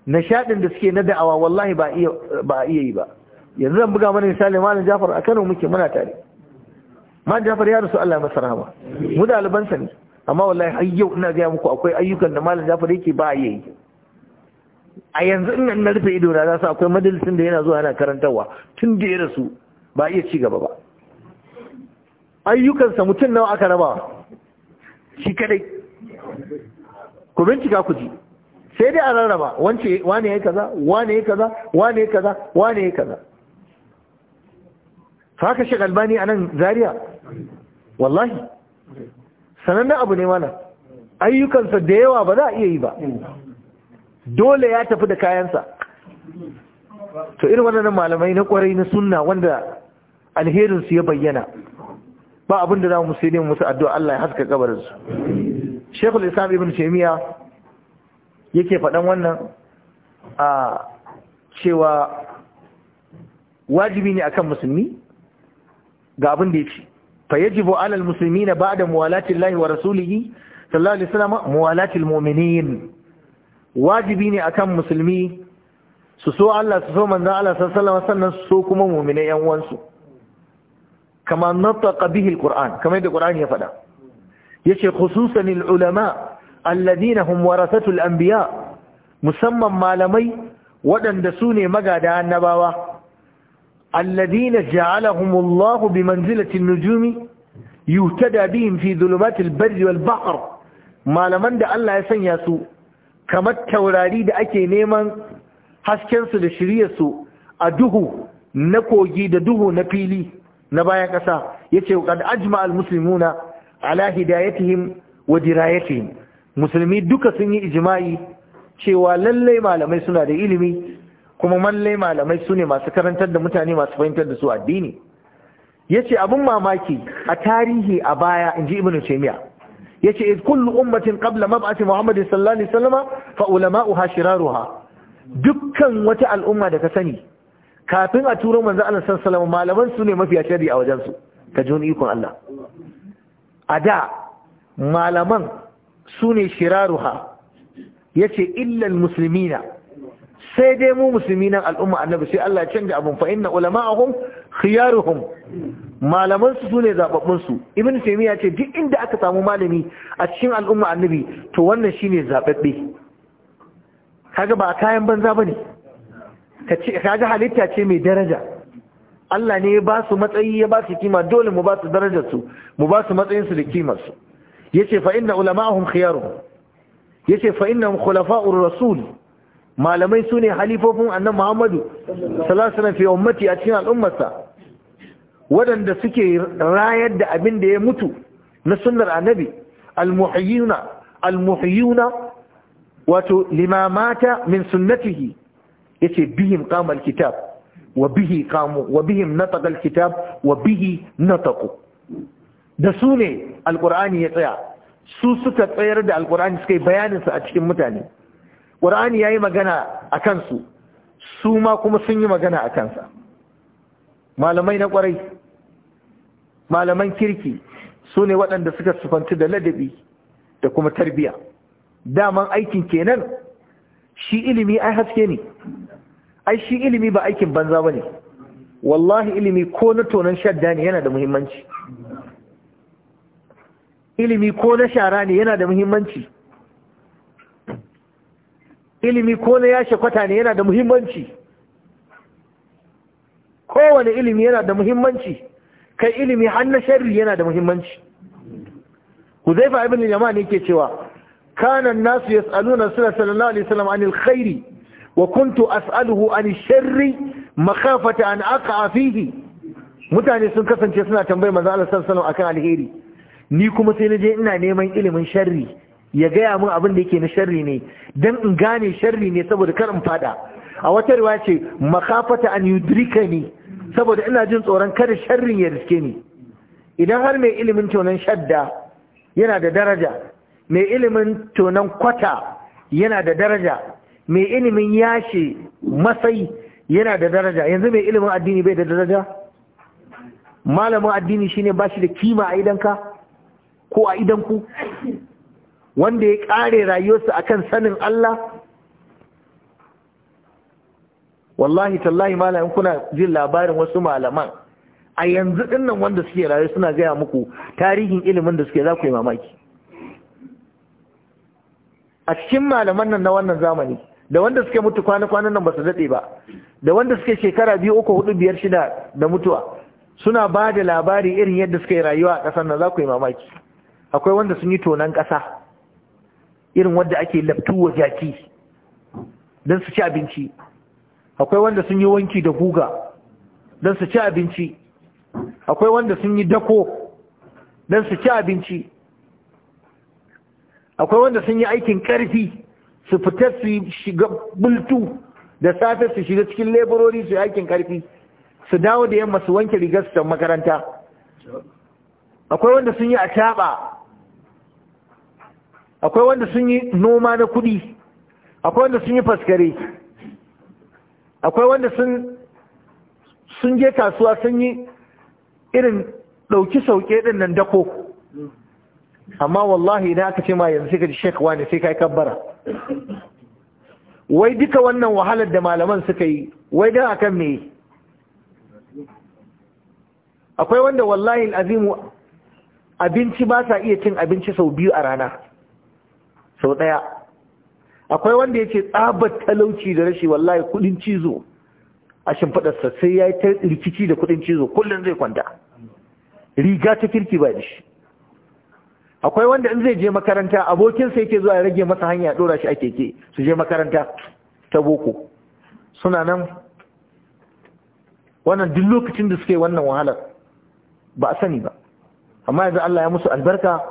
nashadin da suke na da'awa wallahi ba iya ba iya yi ba yanzu zan buga mana misali malam Jafar a Kano muke muna tare malam Jafar ya rasu Allah masa rahama mu da albansa ne amma wallahi har yau ina ga muku akwai ayyukan da malam Jafar yake ba iya yi a yanzu ina na rufe ido na zasu akwai madalisin da yana zuwa yana karantarwa tun da ya rasu ba iya ci gaba ba ayyukansa mutum nawa aka rabawa shi kadai ku bincika ku ji sai dai a rarraba wance wane ya kaza wane ya kaza wane ya kaza wane ya kaza ka shi galbani a nan zariya wallahi sanannen abu ne mana ayyukansa da yawa ba za a iya yi ba dole ya tafi da kayansa to irin wannan malamai na kwarai na sunna wanda alherin su ya bayyana ba abin da za mu sai musu addu'a Allah ya haska kabarinsu shekul islam ibn taimiyya yake faɗan wannan a cewa wajibi ne akan musulmi ga abin da ya ce fayajibu alal musulmi na ba da muwalatin lahi wa rasulihi sallallahu alaihi wasallam muwalatin mu'minin wajibi ne akan musulmi su so Allah su so manzan Allah sallallahu alaihi wasallam sannan su so kuma mu'minai yan kama nataqa bihi alquran kamar da qur'ani ya faɗa yace khususan alulama alladhina hum warathatu alanbiya musamman malamai waɗanda su ne magada annabawa alladhina ja'alahum Allah bi manzilati nujumi yuhtada bihim fi dhulumati al wal-bahr malaman da Allah ya sanya su kamar taurari da ake neman hasken su da shiryarsu a duhu na kogi da duhu na fili na bayan ƙasa yace qad ajma al muslimuna ala hidayatihim wa dirayatihim musulmi duka sun yi ijma'i cewa lalle malamai suna da ilimi kuma mallai malamai sune masu karantar da mutane masu fahimtar da su addini yace abin mamaki a tarihi a baya inji ibnu taymiya yace iz kullu ummatin qabla mab'ati muhammadin sallallahu alaihi wasallam fa ulama'uha shiraruha dukkan wata al'umma da ka sani kafin a turo manzo Allah sallallahu alaihi malaman su ne mafiya shari a wajen su ta ji ikon Allah a da malaman su ne shiraruha yace illal muslimina sai dai mu musulmi al'umma annabi sai Allah ya canja abun fa inna ulama'ahum khiyaruhum malaman su sune zababbun su ibn taymiya ce duk inda aka samu malami a cikin al'umma annabi to wannan shine zababbe kaga ba kayan banza bane kaga halitta ce mai daraja Allah ne ya ba su matsayi ya ba su kima dole mu ba su darajarsu. mu ba su matsayin su da kimarsu. Ya ce fa inna ulama'ahum Ya yace fa innahum khulafa'ur rasul malamai sune halifofin annabi Muhammadu sallallahu alaihi wasallam ummati a cikin al'ummarsa waɗanda suke rayar da abin da ya mutu na sunnar annabi almuhyuna wato limamata min sunnatihi Ya ce bihim qama kitab wa bihi kamu, wa bihim nataqa kitab wa bihi na taku. da su ne Alƙur'ani ya tsaya su suka tsayar da alkur'ani suka yi bayanin sa a cikin mutane Ƙur'ani ya yi magana a kansu su ma kuma sun yi magana a kansa. malamai na kwarai malaman kirki su ne waɗanda suka sufanci da ladabi da kuma tarbiya daman aikin kenan shi ilimi ai haske ne ai shi ilimi ba aikin banza ba ne wallahi ilimi ko na tonon shadda ne yana da muhimmanci ilimi ko na shara ne yana da muhimmanci ilimi ko na yashe kwata ne yana da muhimmanci kowane ilimi yana da muhimmanci kai ilimi har na sharri yana da muhimmanci huzaifa ibn yaman yake cewa kana an-nas yas'aluna sallallahu alaihi wasallam anil khairi wa kuntu as'aluhu anil sharri makhafata an aqa fihi mutane sun kasance suna tambayar manzo Allah sallallahu alaihi wasallam alheri ni kuma sai naje ina neman ilimin sharri ya gaya mun abin da yake na sharri ne dan in gane sharri ne saboda kar in fada a wata riwaya ce makafata an yudrikani saboda ina jin tsoron kada sharrin ya riske ni idan har mai ilimin tonan shadda yana da daraja mai ilimin tonon kwata yana da daraja mai ilimin yashi masai yana da daraja yanzu mai ilimin addini bai da daraja malamin addini shine ba shi da kima a idanka ko a idanku wanda ya kare rayuwarsa akan sanin Allah wallahi tallahi malamin kuna jin labarin wasu malaman a yanzu dinnan wanda suke rayu suna gaya muku tarihin ilimin da suke za ku yi mamaki a cikin malaman nan na wannan zamani da wanda suke mutu kwana-kwanan nan ba su daɗe ba da wanda suke shekara biyu uku hudu biyar shida da mutuwa suna ba da labari irin yadda suka yi rayuwa a ƙasar nan za ku yi mamaki akwai wanda sun yi tonon ƙasa irin wadda ake laftu wa jaki don su ci abinci akwai wanda sun yi wanki da guga don su ci abinci akwai wanda sun yi dako don su ci abinci akwai wanda sun yi aikin karfi su fita su shiga bultu da safe su shiga cikin laborori su yi aikin karfi su dawo da yamma su wanke rigar su makaranta akwai wanda sun yi a akwai wanda sun yi noma na kudi akwai wanda sun yi faskare akwai wanda sun je kasuwa sun yi irin ɗauki sauke ɗin nan dako amma wallahi idan aka ce ma yanzu sai ka ji shekwa wani sai ka yi kabbara wai duka wannan wahalar da malaman suka yi wai don akan me akwai wanda wallahi azimu abinci ba sa iya cin abinci sau biyu a rana sau ɗaya akwai wanda ya ce tsabar talauci da rashi wallahi kudin cizo a shimfiɗarsa sai ya yi ta rikici da kudin cizo kullum zai kwanta riga ta kirki ba da shi akwai wanda in zai je makaranta abokinsa yake zuwa ya rage masa hanya dora shi a keke su je makaranta ta boko suna nan wannan duk lokacin da suke wannan wahalar ba a sani ba amma yanzu Allah ya musu albarka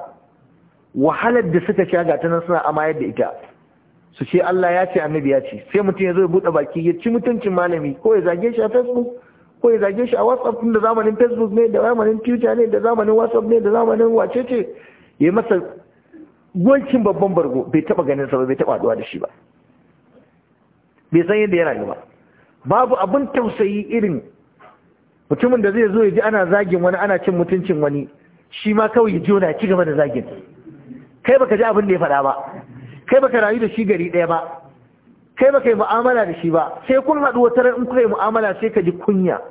wahalar da suka sha gata nan suna amma yadda ita su ce Allah ya ce annabi ya ce sai mutum ya zo ya buɗe baki ya ci mutuncin malami ko ya zage shi a facebook ko ya zage shi a whatsapp da zamanin facebook ne da zamanin twitter ne da zamanin whatsapp ne da zamanin wacece ya masa gwancin babban bargo bai taba ganin sa ba bai taba haduwa da shi ba bai san yadda yana yi ba babu abin tausayi irin mutumin da zai zo ya ji ana zagin wani ana cin mutuncin wani shi ma kawai ya jona ci gaba da zagin kai baka ji abin da ya faɗa ba kai baka rayu da shi gari ɗaya ba kai baka yi mu'amala da shi ba sai kun haɗu wata ran in kuka yi mu'amala sai ka ji kunya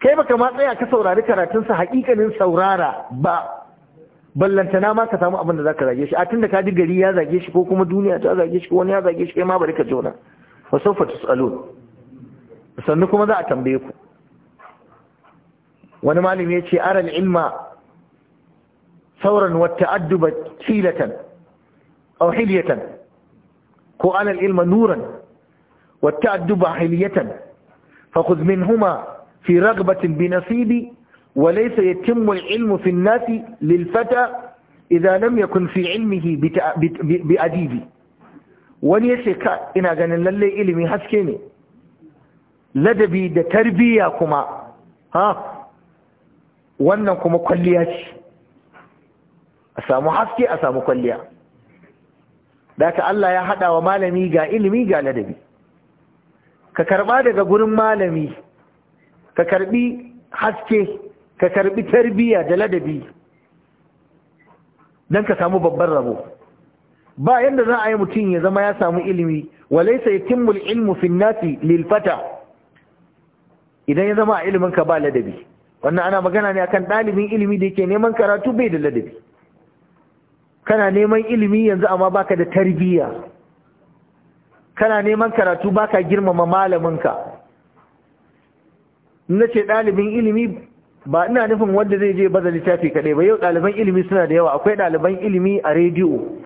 kai baka ma tsaya ka saurari karatunsa haƙiƙanin saurara ba ballantana ma ka samu abin da zaka zage shi a tunda ka ji gari ya zage shi ko kuma duniya ta zage shi ko wani ya zage shi kai ma bari ka jona wa sawfa tusalun sannu kuma za a tambaye ku wani malami ya ce aral ilma sauran wa ta'adduba hilatan aw hiliyatan ko aral ilma nuran wa ta'adduba hiliyatan fa khudh minhuma fi ragbatin bi nasibi وليس يتم العلم في الناس للفتى إذا لم يكن في علمه بأديبي wani ya ce ka ina ganin lallai ilimi haske ne ladabi da tarbiyya kuma ha wannan kuma kwalliya ce a samu haske a samu kwalliya daga Allah ya haɗa wa malami ga ilimi ga ladabi ka karɓa daga gurin malami ka karɓi haske ka karbi tarbiyya da ladabi don ka samu babban rabo ba yadda za a yi mutum ya zama ya samu ilimi walaisa yatimmu ilmu fi nasi lil fata idan ya zama a ilimin ka ba ladabi wannan ana magana ne akan ɗalibin ilimi da yake neman karatu bai da ladabi kana neman ilimi yanzu amma baka da tarbiyya kana neman karatu baka girmama malaminka ka nace ɗalibin ilimi ba ina nufin wanda zai je baza littafi kaɗai ba yau ɗaliban ilimi suna da yawa akwai ɗaliban ilimi a rediyo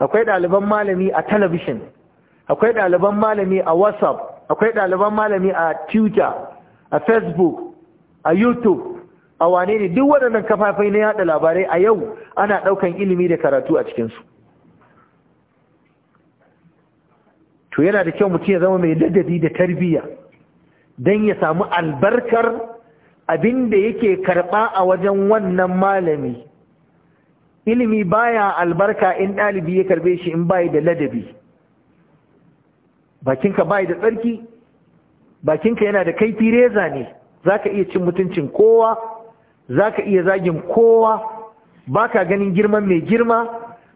akwai ɗaliban malami a talabishin akwai ɗaliban malami a whatsapp akwai ɗaliban malami a twitter a facebook a youtube a wane ne duk waɗannan kafafai na yaɗa labarai a yau ana ɗaukan ilimi da karatu a cikinsu to yana da kyau mutum ya zama mai ladabi da tarbiyya don ya samu albarkar abin da yake karɓa a wajen wannan malami ilimi baya albarka in ɗalibi ya karɓe shi in bayi da ladabi bakinka bayi da tsarki bakinka yana da kaifi reza ne za ka iya cin mutuncin kowa za ka iya zagin kowa ba ka ganin girman mai girma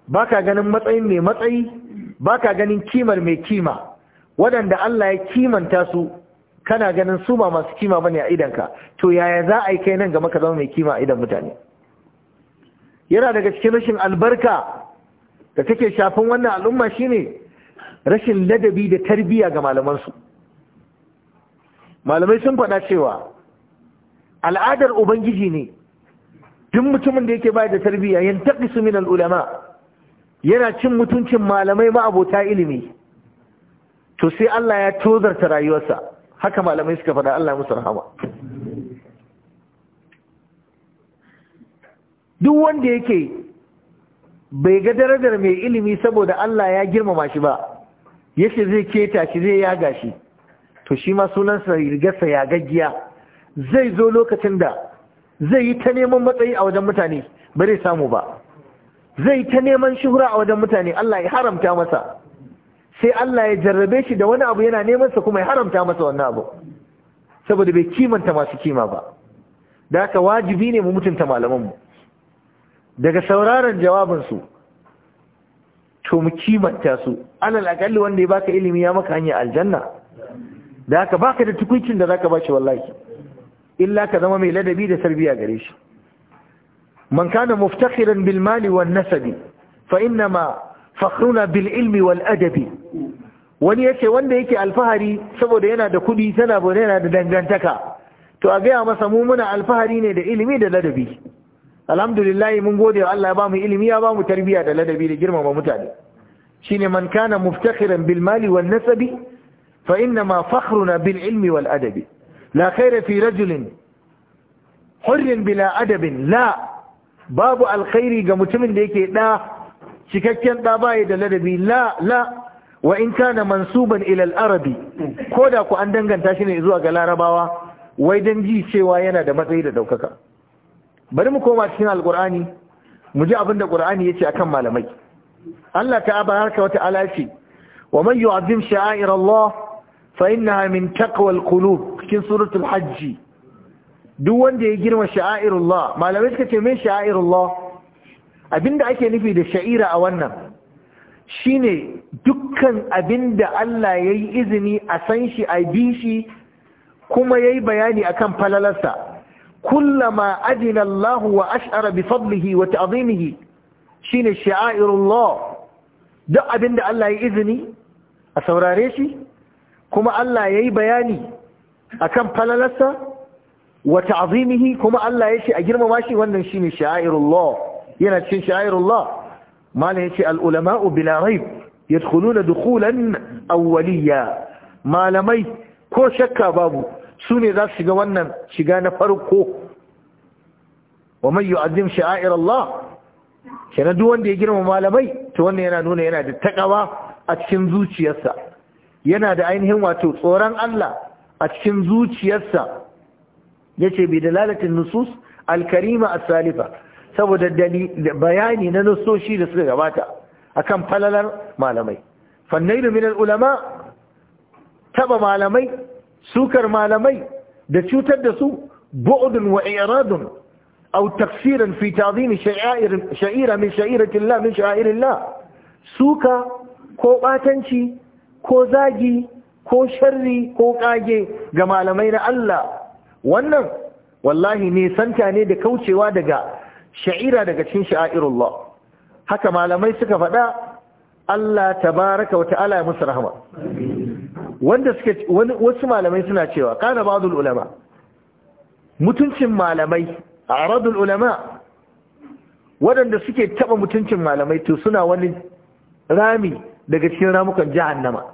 ba ka ganin matsayin mai matsayi ba ka ganin kimar mai kima waɗanda Allah ya kimanta su kana ganin su ba masu kima ne a idanka to yaya za a yi kai nan ga ka zama mai kima a idan mutane yana daga cikin rashin albarka da take shafin wannan al'umma shine rashin ladabi da tarbiyya ga malamansu malamai sun faɗa cewa al'adar ubangiji ne duk mutumin da yake bayar da tarbiyya taɓi su min ulama yana cin mutuncin malamai ma abota ilimi to sai Allah ya tozarta rayuwarsa haka malamai suka faɗa Allah musu rahama duk wanda yake bai ga darajar mai ilimi saboda Allah ya girmama shi ba yace zai keta shi zai yaga shi to shi ma sunansa rigarsa gaggiya zai zo lokacin da zai yi ta neman matsayi a wajen mutane ba zai samu ba zai ta neman shuhura a wajen mutane Allah ya haramta masa sai Allah ya jarrabe shi da wani abu yana neman sa kuma ya haramta masa wannan abu saboda bai kimanta masu kima ba da haka wajibi ne mu mutunta malamanmu daga sauraron su to mu kimanta su alal akalli wanda ya baka ilimi ya maka hanyar aljanna da haka baka da tukuncin da zaka bashi wallahi illa ka zama mai ladabi da tarbiya gare shi man kana muftakhiran bil mali wan nasabi fa ma fakruna bil ilmi wal adabi wani yace wanda yake alfahari saboda yana da kudi tana bo yana da dangantaka to a gaya masa mu muna alfahari ne da ilimi da ladabi alhamdulillah mun gode wa Allah ya bamu ilimi ya bamu tarbiya da ladabi da girmama mutane shine man kana muftakhiran bil mali wal nasabi fa inna ma fakhruna bil ilmi wal adabi la khayra fi rajulin hurrin bila adabin la babu alkhairi ga mutumin da yake da cikakken ɗa baya da ladabi la la wa in kana mansuban ila al-arabi ko da ku an danganta shi ne zuwa ga larabawa wai dan ji cewa yana da matsayi da daukaka bari mu koma cikin alqur'ani mu ji abinda qur'ani yace akan malamai Allah ta'abaraka wa ta'ala yace wa man yu'azzim sha'air Allah fa innaha min taqwa al-qulub cikin suratul hajj duk wanda ya girma sha'airullah malamai suka ce min sha'airullah abinda ake nufi da sha'ira a wannan shine dukkan abinda Allah ya yi izini a san shi a bi shi kuma ya yi bayani akan falalarsa kullama adina Allah wa ash'ara bi fadlihi wa ta'zimihi shine sha'airullah duk abinda Allah ya yi izini a saurare shi kuma Allah ya yi bayani akan falalarsa wa ta'zimihi kuma Allah ya shi a girmama shi wannan shine sha'airullah yana cikin sha'irullah malam yace al-ulama'u bila raib yadkhuluna dukhulan awwaliya malamai ko shakka babu su ne za su shiga wannan shiga na farko wa man yu'azzim sha'irullah kenan duk wanda ya girma malamai to wannan yana nuna yana da takawa a cikin zuciyarsa yana da ainihin wato tsoron Allah a cikin zuciyarsa yace bi dalalatin nusus al-karima as-salifa saboda bayani na nasoshi da suka gabata akan falalar malamai fannailu min ulama taba malamai sukar malamai da cutar da su bu'dun wa iradun aw taksiran fi ta'zim sha'ir sha'ira min sha'irati min sha'irillah suka ko batanci ko zagi ko sharri ko kage ga malamai na Allah wannan wallahi ne santa ne da kaucewa daga sha'ira daga cikin sha'airullah haka malamai suka faɗa Allah tabaraka wa ta'ala ya musu rahama wanda suke wasu malamai suna cewa kana ba'dul ulama mutuncin malamai aradul ulama waɗanda suke taɓa mutuncin malamai to suna wani rami daga cikin ramukan jahannama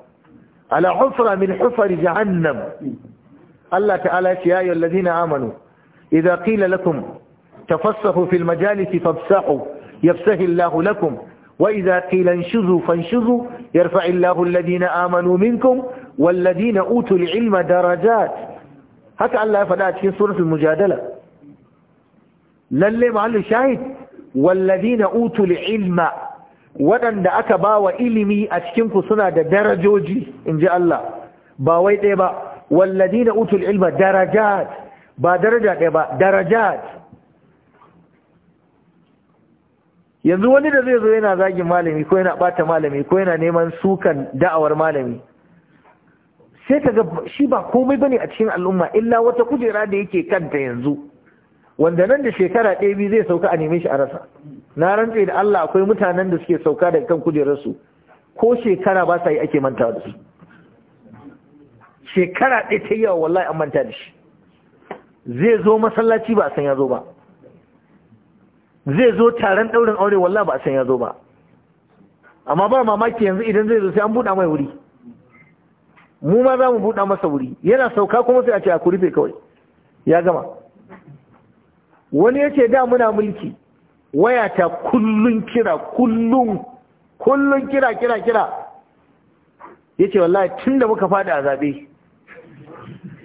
ala hufra min hufari jahannam Allah ta'ala ya yi wallazina amanu idza qila lakum تفسحوا في المجالس فافسحوا يفسه الله لكم وإذا قيل انشزوا فانشزوا يرفع الله الذين آمنوا منكم والذين أوتوا العلم درجات هكا الله فلات في سورة المجادلة للي معلو شاهد والذين أوتوا العلم ودن دا أكبا إلمي أتكنكو صنع درجوجي إن جاء الله باويت إبا إيه والذين أوتوا العلم درجات با درجات إبا إيه درجات yanzu wani da zai zo yana zagin malami ko yana bata malami ko yana neman sukan da'awar malami sai ka ga shi ba komai bane a cikin al'umma illa wata kujera da yake kanta yanzu wanda nan da shekara ɗaya biyu zai sauka a neme shi a rasa na rantse da Allah akwai mutanen da suke sauka daga kan kujerarsu ko shekara ba sa yi ake manta da su shekara ɗaya ta yawa wallahi an manta da shi zai zo masallaci ba a san ya zo ba zai zo taron ɗaurin aure Walla ba a san ya zo ba amma ba mamaki yanzu idan zai zo sai an buɗa mai wuri mu ma za mu buɗa masa wuri yana sauka kuma sai a ce a ku rufe kawai ya gama wani ya ce da muna mulki wayata kullun kira kullun kullun kira kira kira ya ce wallahi tun da muka fada a zaɓe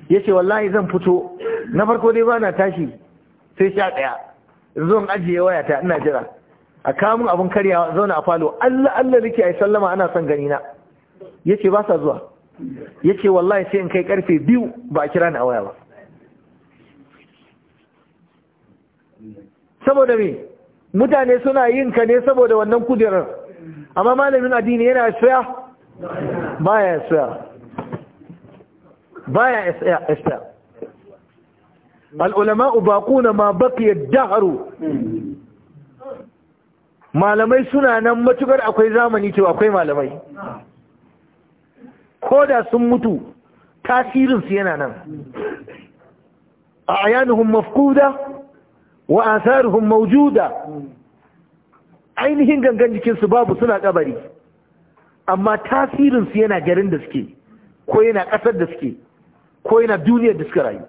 ya ce wallahi zan fito na farko dai ba na tashi sai sha ɗaya zan ajiye wayata ina jira a kamun abun karyawa zauna a falo Allah Allah nake ai sallama ana son gani na yace ba sa zuwa yace wallahi sai in kai karfe biyu ba a kira ni a waya ba saboda me mutane suna yin ka ne saboda wannan kudirar amma malamin addini yana tsaya baya tsaya baya tsaya al'ulama'u baƙuna ma baƙiyar daharu malamai suna nan matukar akwai zamani cewa akwai malamai ko da sun mutu tasirinsu yana nan a ayanuhun mafkuda wa asaruhun maujuda ainihin gangan jikinsu babu suna kabari amma tasirinsu yana garin da suke ko yana ƙasar da suke ko yana duniyar da suka rayu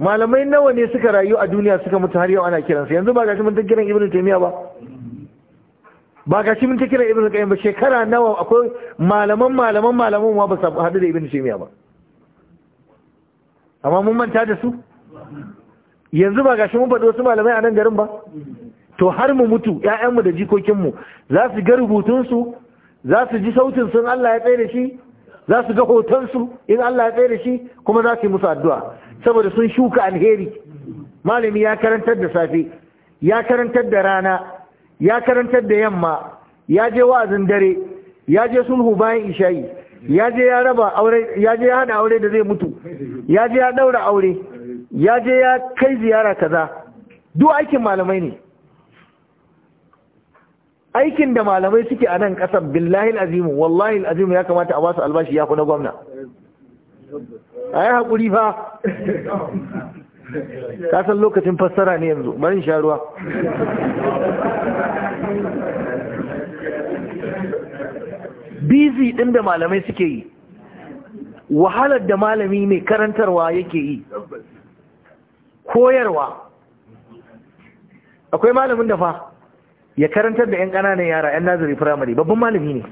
malamai nawa ne suka rayu a duniya suka mutu har yau ana kiransu yanzu ba gashi mun ta kiran ibnu taymiya ba ba gashi mun ta kiran ibnu qayyim ba shekara nawa akwai malaman malaman malaman ma ba su hadu da ibnu taymiya ba amma mun manta da su yanzu ba gashi mun faɗi wasu malamai a nan garin ba to har mu mutu ƴaƴanmu da jikokinmu za su ga rubutunsu za su ji sautin sun Allah ya tsaye da shi za su ga hotonsu in Allah ya tsaye da shi kuma za su yi musu addu'a saboda sun shuka alheri malami ya karantar da safe ya karantar da rana ya karantar da yamma ya je wa'azin dare ya je sulhu bayan isha'i ya je ya raba aure ya je ya hada aure da zai mutu ya je ya daura aure ya je ya kai ziyara kaza duk aikin malamai ne aikin da malamai suke a nan kasar billahi azimu wallahi azimu ya kamata a basu albashi ya fi na gwamna a yi haƙuri fa ka san lokacin fassara ne yanzu marin sha bizi ɗin da malamai suke yi wahalar da malami mai karantarwa yake yi koyarwa akwai malamin da fa ya karantar da 'yan ƙananan yara 'yan nazari firamare babban malami ne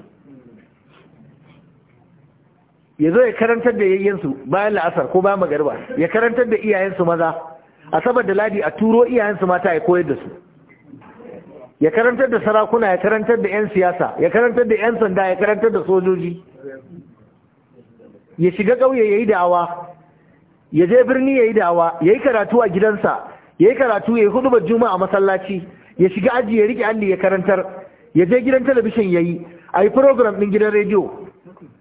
ya zo ya karantar da yayyansu bayan la'asar ko bayan magariba ya karantar da iyayensu maza asabar da ladi a turo iyayensu mata ya koyar da su ya karantar da sarakuna ya karantar da 'yan siyasa ya karantar da 'yan sanda ya karantar da sojoji ya shiga ƙauye ya yi da'awa ya je birni ya yi da'awa ya yi karatu a gidansa ya yi karatu ya yi ba juma'a a masallaci ya shiga aji ya riƙe alli ya karantar ya je gidan talabishin ya yi a yi program ɗin gidan rediyo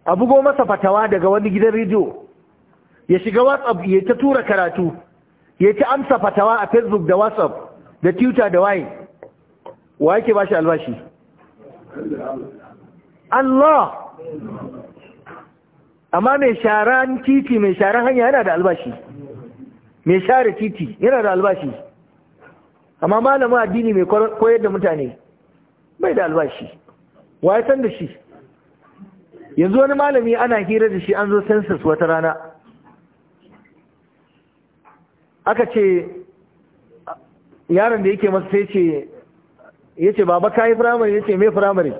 a bugo masa fatawa daga wani gidan rediyo ya shiga whatsapp ya ta tura karatu ya ta amsa fatawa a facebook da whatsapp da twitter da waye wa yake ba shi albashi Allah amma mai sharan titi mai sharan hanya yana da albashi mai share titi yana da albashi amma malamin addini mai koyar da mutane bai da albashi wa ya san da shi yanzu wani malami ana hira da shi an zo census wata rana aka ce yaron da yake masa sai ce ya ce baba ka yi firamare ya ce mai firamare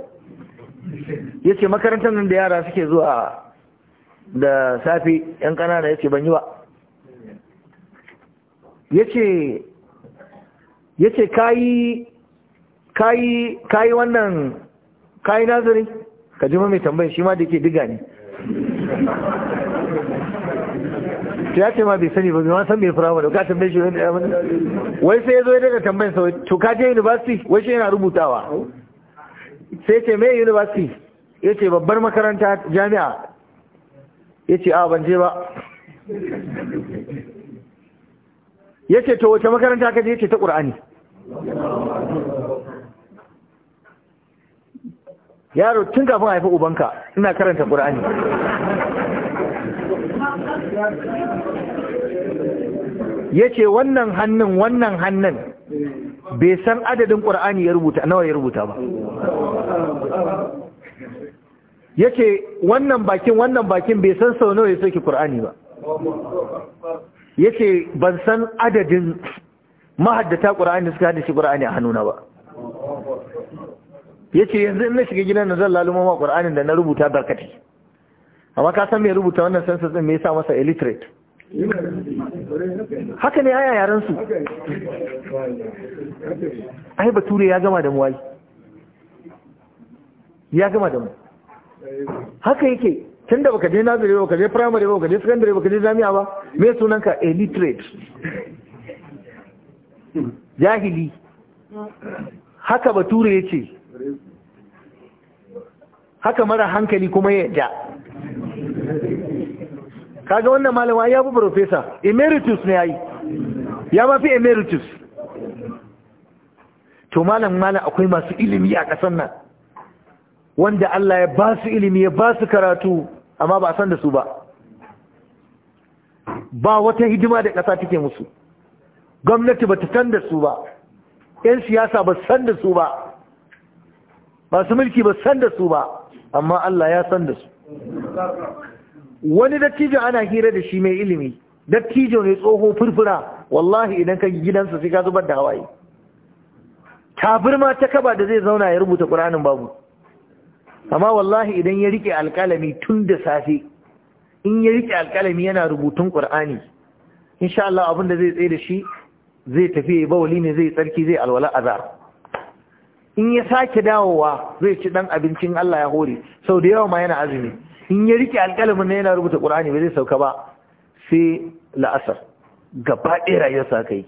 ya ce makarantar nan da yara suke zuwa da safe yan kanana ya ce ban yi ba ya ce ka yi wannan ka yi nazari ka ji mai tambayi, shi ma da ke diga ne ya ce ma bai sani ba bai san mai firawa da ka tambaye shi wani abin wai sai ya zo ya daga tambayin sa to ka je university wai shi yana rubutawa sai ce me university ya ce babbar makaranta jami'a ya ce a ban je ba ya ce to wace makaranta ka je ya ce ta ƙur'ani yaro tun kafin haifi ubanka ina karanta ƙur'ani ya ce wannan hannun wannan hannun bai san adadin ƙur'ani ya rubuta nawa ya rubuta ba ya ce wannan bakin wannan bakin bai san sau nawa ya soke ƙur'ani ba ya ce ban san adadin mahaddata ƙur'ani suka haddace ƙur'ani a hannuna ba yace yanzu in na shiga gidan nan zan lalumo ma Qur'anin da na rubuta barkati amma ka san me rubuta wannan census din me yasa masa illiterate haka ne aya yaran su ai bature ya gama da muwai ya gama da mu haka yake tun da baka je nazari ba baka je primary ba baka je secondary baka je jami'a ba me sunanka illiterate jahili haka bature yace haka mara hankali kuma ya yadda kaga wannan malama ya fi profesa emeritus ne yayi ya ma fi emeritus to malam malam akwai masu ilimi a ƙasar nan wanda Allah ya ba su ilimi ya ba su karatu amma ba a san da su ba ba wata hidima da ƙasa take musu gwamnati ba ta san da su ba 'yan siyasa ba san da su ba masu mulki ba san da su ba amma Allah ya san da su wani dattijo ana hira da shi mai ilimi dattijo ne tsoho furfura wallahi idan ka gidansa sai ka zubar da hawaye kafirma ta kaba da zai zauna ya rubuta ƙuranin babu amma wallahi idan ya rike alƙalami tun da safe in ya rike alƙalami yana rubutun ƙur'ani insha Allah abin da zai tsaye da shi zai tafi ya bawali ne zai tsarki zai alwala azar in ya sake dawowa zai ci dan abincin Allah ya hore sau da yawa ma yana azumi in ya rike alƙalamin na yana rubuta Qur'ani ba zai sauka ba sai la'asar gaba ɗaya sa aka yi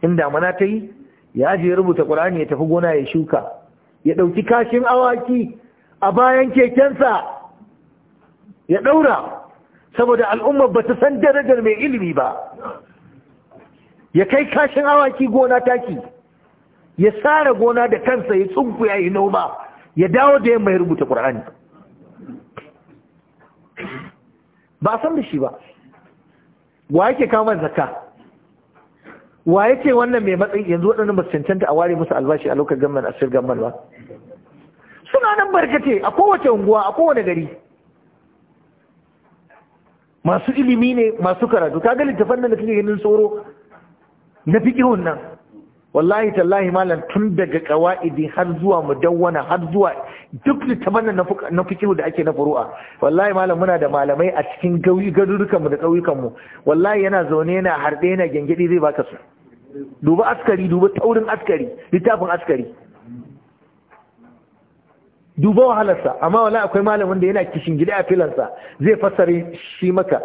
in damana ta yi ya je rubuta Qur'ani ya tafi gona ya shuka ya ɗauki kashin awaki a bayan kekensa ya ɗaura saboda al'umma ba ta san darajar mai ilimi ba ya kai kashin awaki gona taki ya tsara gona da kansa ya tsunku ya yi noma ya dawo da yamma ya rubuta ƙur'ani ba san da shi ba wa yake kama zakka wa yake wannan mai matsayi yanzu waɗannan ba cancanta a ware musu albashi a lokacin gamman a sir gamman ba suna nan barkace a kowace unguwa a kowane gari masu ilimi ne masu karatu kaga littafan nan da kake ganin tsoro na fiƙihun nan wallahi tallahi malam tun daga qawaidi har zuwa mudawwana har zuwa duk littafan na fikihu da ake na furu'a wallahi malam muna da malamai a cikin garurukan mu da kauyukan mu wallahi yana zaune yana harde yana gengedi zai baka su duba askari duba taurin askari littafin askari duba wahalarsa amma wallahi akwai malamin da yana kishin gida a filansa zai fassare shi maka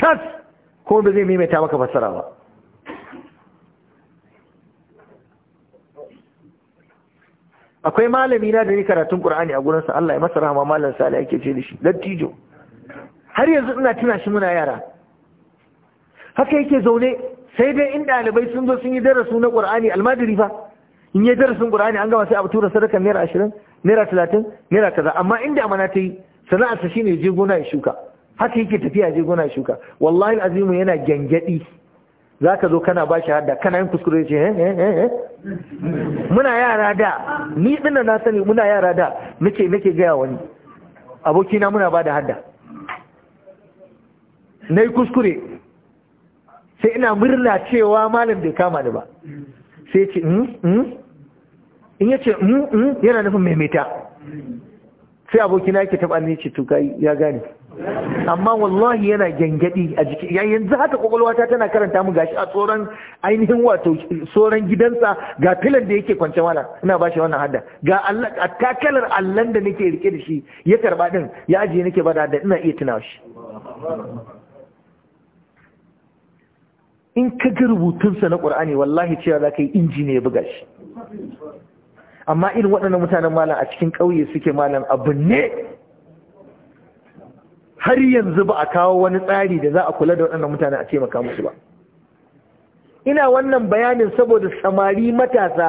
tas ko ba zai maimaita maka fassara ba akwai malami na da ni karatun Qur'ani a gurinsa Allah ya masa rahama malam Sale yake ce da shi dattijo har yanzu ina tuna shi muna yara haka yake zaune sai dai in ɗalibai sun zo sun yi darasu na Qur'ani almadiri fa in yi darasin Qur'ani an gama sai a tura sadakar naira ashirin naira talatin naira kaza amma inda amana ta yi sana'arsa shine je gona ya shuka haka yake tafiya je gona ya shuka wallahi azimu yana gyangyaɗi za ka zo kana ba shi hadda kana yin kuskure ce he he he. muna yara da ni ɗin na sani muna yara da nake nake gaya wani abokina muna ba da hadda na yi kuskure sai ina murna cewa malam bai kama ni ba sai ce mm, mm. in yace mm, yana nufin maimaita sai abokina yake taɓa ni ce tukai ya gane amma wallahi yana gyangyaɗi a jiki yanzu haka kwakwalwata tana karanta mu gashi a tsoron ainihin wato tsoron gidansa ga filan da yake kwance mana ina bashi wannan hadda ga a takalar allan da nake rike da shi ya karba din ya ajiye nake bada da ina iya tunawa shi in ka ga rubutunsa na ƙur'ani wallahi cewa za ka yi inji ne ya buga shi amma irin waɗannan mutanen malam a cikin ƙauye suke malam abu ne har yanzu ba a kawo wani tsari da za a kula da waɗannan mutane a taimaka musu ba ina wannan bayanin saboda samari matasa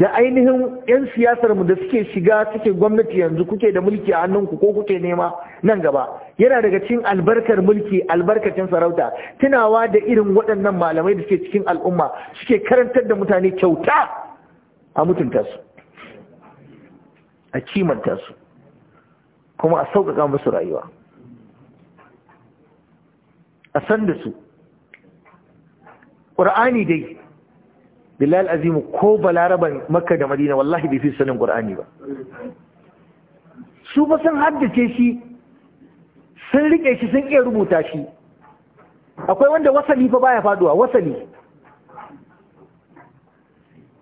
da ainihin 'yan siyasarmu da suke shiga suke gwamnati yanzu kuke da mulki a hannunku ko kuke nema nan gaba yana daga cikin albarkar mulki albarkacin sarauta tunawa da irin waɗannan malamai da suke cikin al'umma suke karantar da mutane kyauta a mutunta su a kimanta su kuma a sauƙaƙa musu rayuwa a san da su ƙur'ani dai bilal azimu ko balaraban makka da madina wallahi bai fi sanin ƙur'ani ba su ba sun haddace shi sun riƙe shi sun iya rubuta shi akwai wanda wasali fa baya faduwa wasali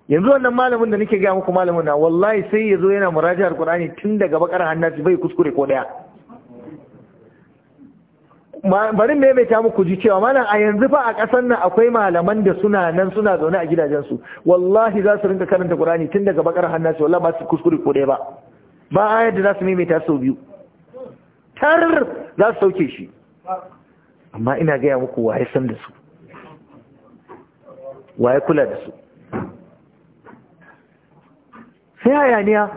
yanzu wannan malamin da nake gaya muku malamin na wallahi sai ya zo yana murajiyar Qur'ani tun daga bakar hannaci bai kuskure ko daya bari ta muku ji cewa malam a yanzu fa a ƙasar nan akwai malaman da suna nan suna zaune a gidajen su. wallahi za su rinka karanta Qur'ani tun daga bakar hannu su wallahi ba su kuskure ko ɗaya ba ba ayar da za su maimaita sau biyu tar za su sauke shi amma ina gaya muku waye san da su waye kula da su sai hayaniya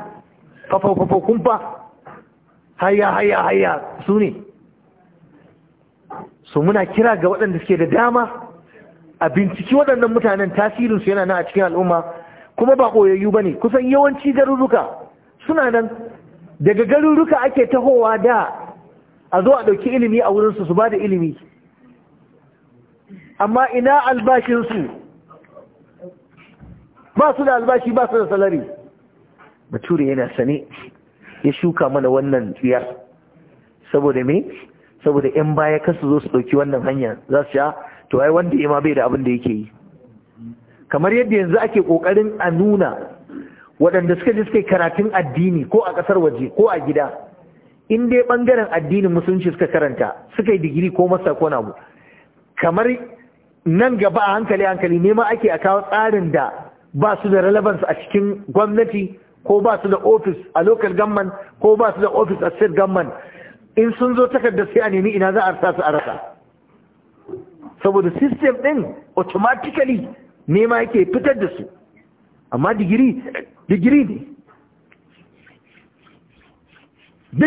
fafafafakun fa haya haya haya su ne so muna kira ga waɗanda suke da dama a binciki waɗannan mutanen tasirinsu yana nan a cikin al'umma kuma ba koyayyu ba ne kusan yawanci garuruka suna nan daga garuruka ake tahowa da a zo a ɗauki ilimi a wurinsu su ba da ilimi amma ina albashinsu ba su da albashi ba su da salari bature yana sane ya shuka mana wannan tsiyar saboda me saboda yan baya kar su zo su ɗauki wannan hanya za su sha to ai wanda ya ma bai da abin da yake yi kamar yadda yanzu ake ƙoƙarin a nuna waɗanda suka je suka yi karatun addini ko a ƙasar waje ko a gida in dai ɓangaren addinin musulunci suka karanta suka yi digiri ko masa ko kamar nan gaba a hankali hankali nema ake a kawo tsarin da ba su da relevance a cikin gwamnati ko ba su da office a local government ko ba su da office a state government in sun zo takarda sai a nemi ina za a rasa su a rasa saboda system ɗin automatically nema yake fitar da su amma digiri digiri ne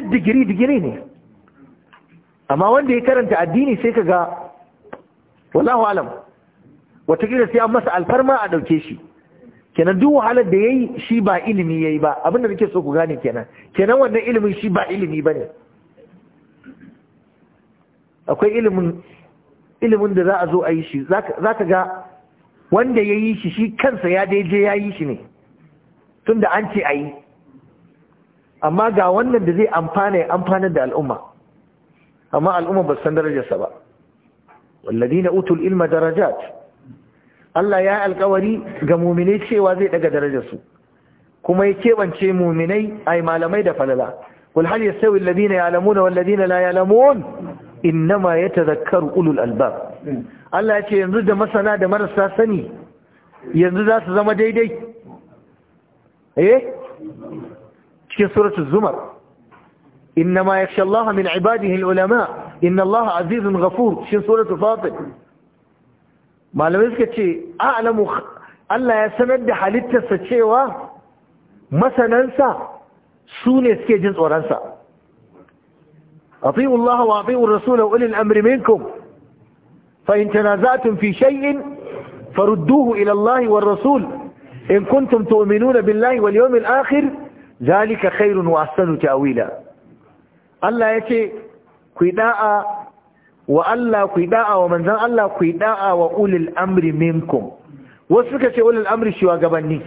duk digiri digiri ne amma wanda ya karanta addini sai ka ga wallahu alam watakila sai an masa alfarma a ɗauke shi kenan duk wahalar da ya yi shi ba ilimi ya yi ba abinda nake so ku gane kenan kenan wannan ilimin shi ba ilimi ba ne akwai ilimin ilimin da za a zo a yi shi za ka ga wanda ya yi shi shi kansa ya daidai ya yi shi ne tun da an ce a yi amma ga wannan da zai amfana ya amfanar da al'umma amma al'umma ba san darajarsa ba na utul ilma darajat Allah ya alkawari ga muminai cewa zai daga darajarsu kuma ya keɓance muminai ai malamai da falala kul hal yastawi alladhina ya'lamuna wal ladina la ya'lamun innama ya tazakkaru ulul albab hmm. Allah ya ce yanzu da masana da marasa sani yanzu za su zama daidai eh cikin suratul zumar innama yakhsha Allah min ibadihi alulama inna Allah azizun ghafur cikin suratul fatir malamai suka ce a'lamu Allah ya sanar da halittarsa cewa masanansa su ne suke jin tsoronsa أطيعوا الله وأطيعوا الرسول وأولي الأمر منكم فإن تنازعتم في شيء فردوه إلى الله والرسول إن كنتم تؤمنون بالله واليوم الآخر ذلك خير وأحسن تأويلا الله يتي قداء وألا قداء ومن ذا ألا قداء وأولي الأمر منكم وسكة أولي الأمر شوى قبلني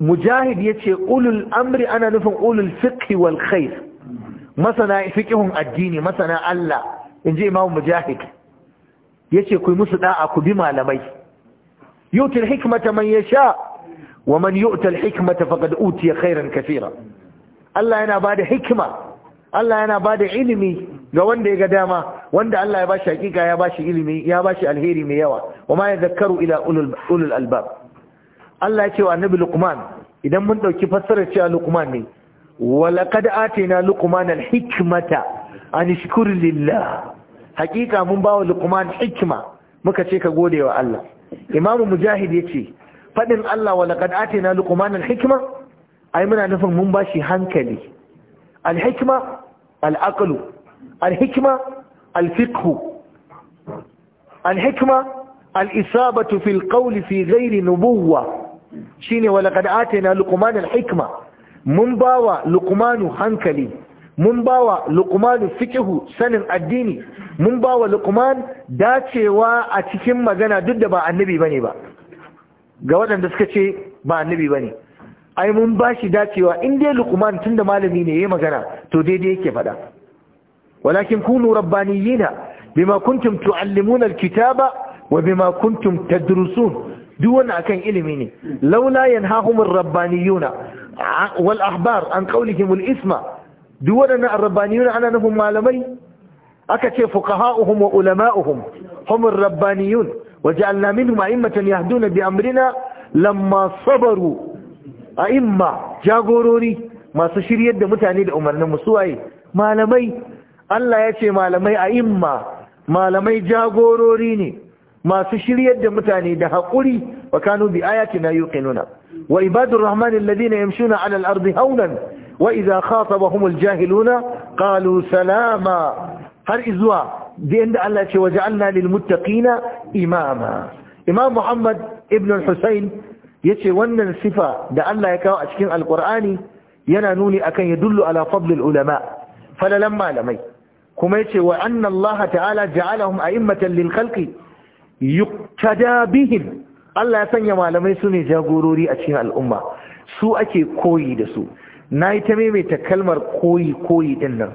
مجاهد يتي أولي الأمر أنا نفهم أولي الفقه والخير masana fiqhun addini masana Allah inji Imam Mujahid yace ku musu da'a ku bi malamai yutil hikmata man yasha wa man yu'ta hikmata faqad utiya khairan kaseera Allah yana bada hikma Allah yana bada ilimi ga wanda ya ga dama wanda Allah ya bashi hakika ya bashi ilimi ya bashi alheri mai yawa wa ma yadhakkaru ila ulul albab Allah ya ce wa annabi Luqman idan mun dauki fassarar cewa Luqman ne walaqad atina luqman alhikmata an shkur lillah hakika mun bawa luqman hikma muka ce ka gode wa Allah imam mujahid ya ce, faɗin Allah walaqad atina luqman alhikma ai muna nufin mun bashi hankali alhikma alaqlu alhikma alfiqh al alisabatu fil qawli fi ghairi nubuwwa shine walaqad atina luqman alhikma mun bawa luqmanu hankali mun bawa luqmanu fikihu sanin addini mun bawa luqman dacewa a cikin magana duk da ba annabi bane ba ga waɗanda suka ce ba annabi bane ai mun bashi dacewa in dai tun tunda malami ne yi magana to daidai yake faɗa walakin kunu rabbaniyina bima kuntum tuallimuna alkitaba wa bima kuntum tadrusun duk wannan akan ilimi ne laula yanhahumur rabbaniyuna wal ahbar an qaulihim al isma duk wadannan arrabaniyun ana nufin malamai aka ce fuqaha'uhum wa ulama'uhum rabbaniyun waje waja'alna minhum a'immatan yahduna bi amrina lamma sabaru a'imma jagorori masu shiryar da mutane da umarnin waye? malamai Allah ya ce malamai a'imma malamai jagorori ne masu shiryar da mutane da haƙuri wa kanu bi ayatina nuna. وعباد الرحمن الذين يمشون على الأرض هونا وإذا خاطبهم الجاهلون قالوا سلاما هر إزوا بأن الله وجعلنا للمتقين إماما إمام محمد ابن الحسين yace wannan sifa da Allah ya kawo a cikin alkur'ani yana nuni akan ya dullu ala fadlil ulama falalan malamai kuma yace wa anna Allah ta'ala ja'alahum a'immatan lil khalqi Allah ya sanya malamai su ne jagorori a cikin al'umma su ake koyi da su na yi ta maimaita kalmar koyi koyi din nan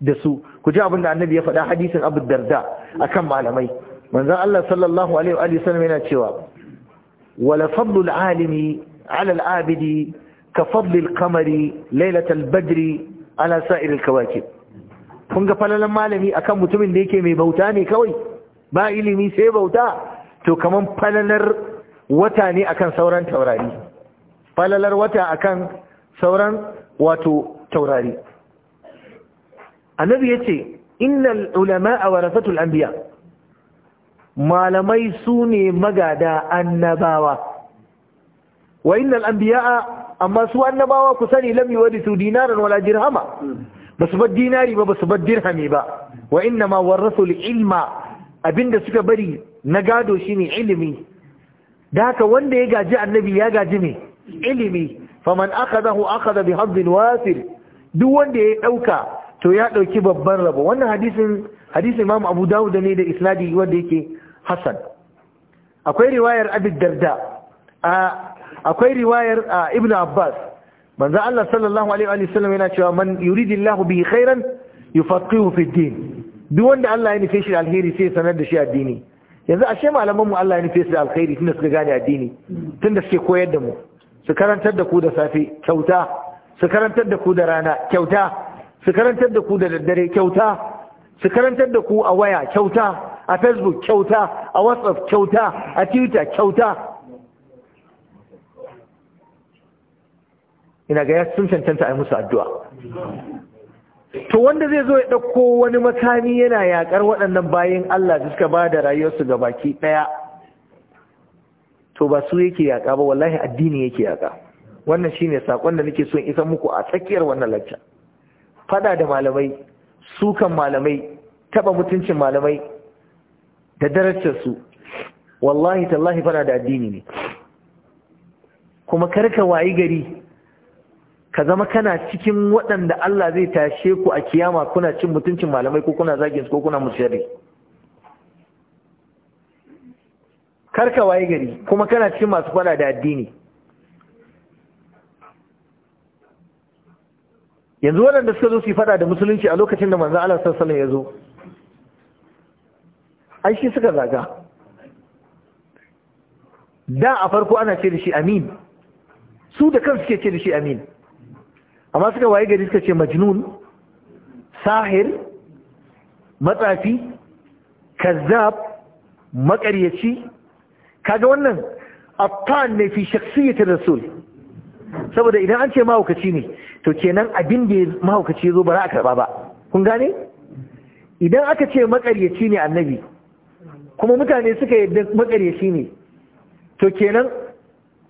da su ku ji abin da annabi ya faɗa hadisin abu darda akan malamai manzon Allah sallallahu alaihi wa sallam yana cewa wala fadlul alimi ala abidi ka fadlil kamari, lailatal badri ala sa'iril kawakib kun ga falalan malami akan mutumin da yake mai bauta ne kawai ba ilimi sai bauta to kaman falalar wata ne akan sauran taurari falalar wata akan sauran wato taurari annabi yace innal ulama'a warasatul anbiya malamai sune magada annabawa wa innal anbiya'a amma su annabawa ku sani lam yuwarisu dinaran wala dirhama su bar dinari ba basu bar dirhami ba wa inna ma warasul ilma abinda suka bari na gado shine ilimi da haka wanda ya gaji annabi ya gaji ne ilimi faman akhadahu akhadha bi hadd wasil duk wanda ya dauka to ya dauki babban rabo wannan hadisin hadisin Imam Abu Dawud ne da isnadi wanda yake hasan akwai riwayar Abi Darda akwai riwayar ibnu Abbas manzo Allah sallallahu alaihi wa sallam yana cewa man yuridillahu bihi khairan yufaqihu fi din duk wanda Allah ya nufe shi alheri sai sanar da shi addini yanzu ashe malaman mu Allah ya nufe su da alkhairi tunda suka gane addini tunda suke koyar da mu su karantar da ku da safe kyauta su karantar da ku da rana kyauta su karantar da ku da daddare kyauta su karantar da ku a waya kyauta a facebook kyauta a whatsapp kyauta a twitter kyauta ina ga ya sun cancanta a musu addu'a to wanda zai zo ya ɗauko wani makami yana yaƙar waɗannan bayan Allah da suka ba da rayuwarsu ga baki ɗaya to ba su yake yaƙa ba wallahi addini yake yaƙa wannan shine sakon da nake so in isa muku a tsakiyar wannan lacca fada da malamai sukan malamai taɓa mutuncin malamai da darajarsu wallahi tallahi fada da addini ne kuma karka wayi gari ka zama kana cikin waɗanda Allah zai tashe ku a kiyama kuna cin mutuncin malamai ko kuna zagin ko kuna musyari karka waye gari kuma kana cikin masu fada da addini yanzu waɗanda suka zo su yi fada da musulunci a lokacin da manzan Allah sassalin ya zo ai shi suka zaga da a farko ana ce da shi amin su da kansu ke ce da shi amin amma suka waye gari suka ce majnun sahir matsafi kazzab makaryaci kaga wannan attan ne fi shakhsiyatir rasul saboda idan an ce mahaukaci ne to kenan abin da mahaukaci ya zo ba za a karba ba kun gane idan aka ce makaryaci ne annabi kuma mutane suka yadda makaryaci ne to kenan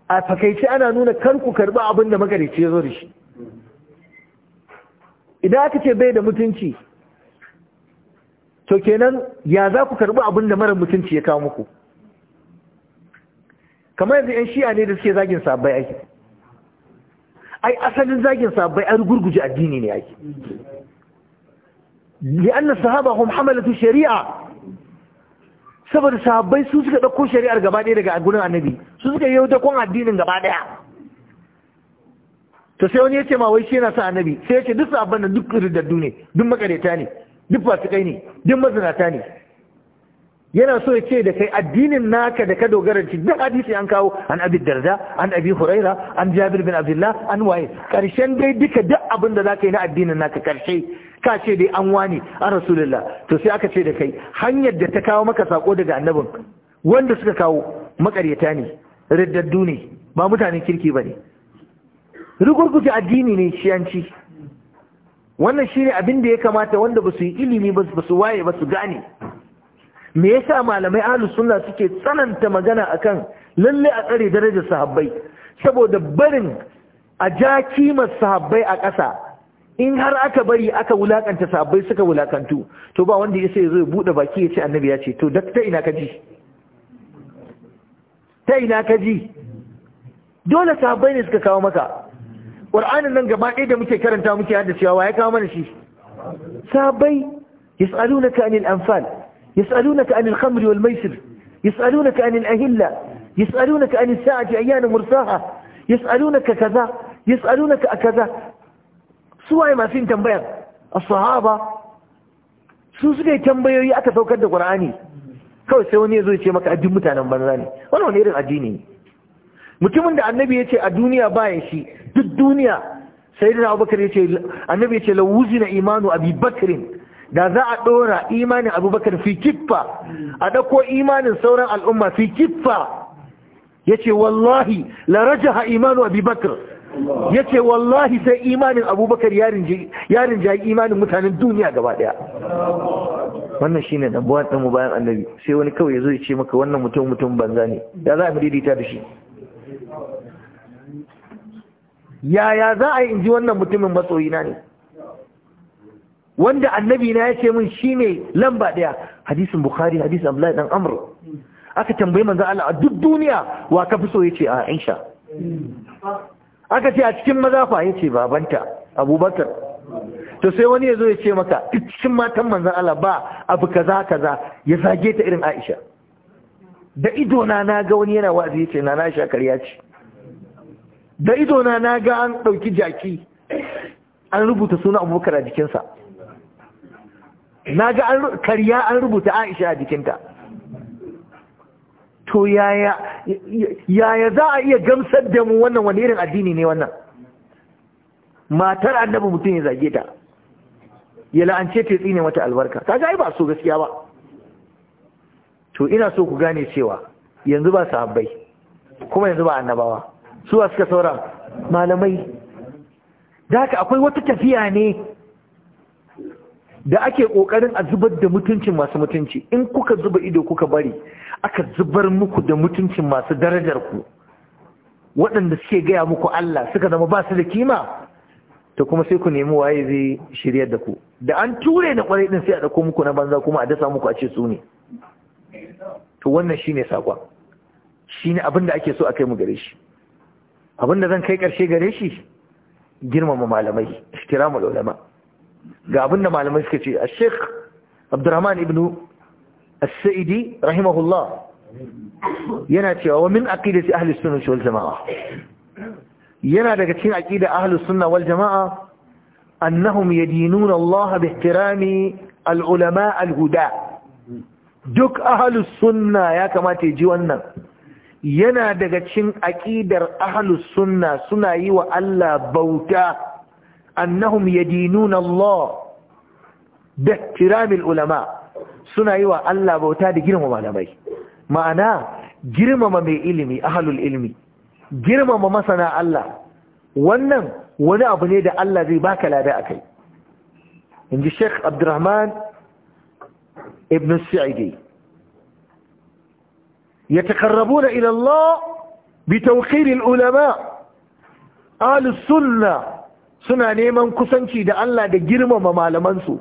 a fakaice ana nuna kan ku karba abin da makaryaci ya zo da shi idan aka ce bai da mutunci to kenan ya za ku karɓi abin da mara mutunci ya kawo muku kamar yanzu 'yan shi'a ne da suke zagin sabbai ake ai asalin zagin sabbai an gurguje addini ne ake li'anna sahaba hum hamalatu shari'a saboda sahabbai su suka ɗauko shari'ar gaba ɗaya daga gurin annabi su suka yi dakon addinin gaba ɗaya to sai wani ya ce ma wai shi yana sa annabi sai ya ce duk sabon nan duk ridaddu ne duk makareta ne duk fasikai ne duk mazinata ne yana so ya ce da kai addinin naka da ka dogara ci duk hadisi an kawo an abi darda an abi huraira an jabir bin abdullah an waye karshen dai duka duk abin da zaka yi na addinin naka karshe ka ce dai an wani an rasulullah to sai aka ce da kai hanyar da ta kawo maka sako daga annabin wanda suka kawo makaryata ne riddaddu ne ba mutanen kirki bane rugurguje addini ne shiyanci wannan shine abin da ya kamata wanda basu yi ilimi ba su waye ba su gane me yasa malamai ahlus suna suke tsananta magana akan lalle a tsare darajar sahabbai saboda barin a ja kimar sahabbai a ƙasa in har aka bari aka wulakanta sahabbai suka wulakantu to ba wanda yasa yazo ya bude baki ya ce annabi ya ce to da ta ina ka ji ta ina ka dole sahabbai ne suka kawo maka ƙur'anin nan gaba ɗaya da muke karanta muke haddacewa wa ya kawo mana shi sabai yas'alunaka anil anfal yas'alunaka anil khamri wal maisir yas'alunaka anil ahilla yas'alunaka anil sa'ati ayyana mursaha yas'alunaka kaza yas'alunaka kaza su waye masu yin tambayar as-sahaba su suka tambayoyi aka saukar da ƙur'ani kawai sai wani ya zo ya ce maka addin mutanen banza ne wannan wani irin addini ne mutumin da annabi ya ce a duniya baya shi duk duniya sai da abubakar ya ce annabi ya ce lawuzi na imanu Abubakar da za a ɗora imanin abubakar fi a ɗauko imanin sauran al'umma fi kiffa ya ce wallahi la ha imanu Abubakar ya ce wallahi sai imanin abubakar yarin jayi imanin mutanen duniya gaba ɗaya wannan shine na buwan mu bayan annabi sai wani kawai ya zo ya ce maka wannan mutum mutum banza ne da za a daidaita da shi yaya za a yi in ji wannan mutumin matsoyina ne wanda annabi na ya ce min ne lamba ɗaya. hadisin bukari hadisin abdullahi dan Amur. aka tambayi manzan Allah a duk duniya wa ka fi so ce a Aisha aka ce a cikin maza ya ce babanta Abubakar to sai wani ya zo ya ce maka duk cikin matan manzan Allah ba abu kaza kaza ya zage ta irin Aisha da ido na ga wani yana wa'azi ce na na shakar ya ce da idona na na ga an ɗauki jaki an rubuta suna abubakar a jikinsa na ga karya an rubuta aisha a jikinta to yaya za a iya gamsar da mu wannan wani irin addini ne wannan matar annabi mutum ya zage ta ya la'ance ta tsine mata albarka ta ga ba so gaskiya ba to ina so ku gane cewa yanzu ba sahabbai kuma yanzu ba annabawa suwa suka saura malamai da haka akwai wata tafiya ne da ake ƙoƙarin a zubar da mutuncin masu mutunci in kuka zuba ido kuka bari aka zubar muku da mutuncin masu darajar ku waɗanda suke gaya muku Allah suka zama ba su da kima to kuma sai ku nemi waye zai shirya da ku da an ture na kwarai din sai a ɗauko muku na banza kuma a dasa muku a ce su ne to wannan shine sakon shine abin da ake so a kai mu gare shi abinda zan kai ƙarshe gare shi girmama malamai ihtiramul ulama ga abinda malamai suka ce al-sheikh abdurrahman ibn as-sa'idi rahimahullah yana cewa wa min aqidati ahli sunnah wal jamaa yana daga cikin aqida ahli sunnah wal jamaa annahum yadinuna Allah bi ihtirami al-ulama al-huda duk ahli sunnah ya kamata ya ji wannan yana daga cin aƙidar ahlus sunna suna yi wa Allah bauta annahum yadinuna Allah da tiramil ulama suna yi wa Allah bauta da girmama malamai ma'ana girmama mai ilimi ahlul ilmi girmama masana Allah wannan wani abu ne da Allah zai baka lada akai inji Sheikh Abdurrahman ibn Sa'idi يتقربون إلى الله بتوقير العلماء آل السنة suna neman kusanci da Allah da girmama malamansu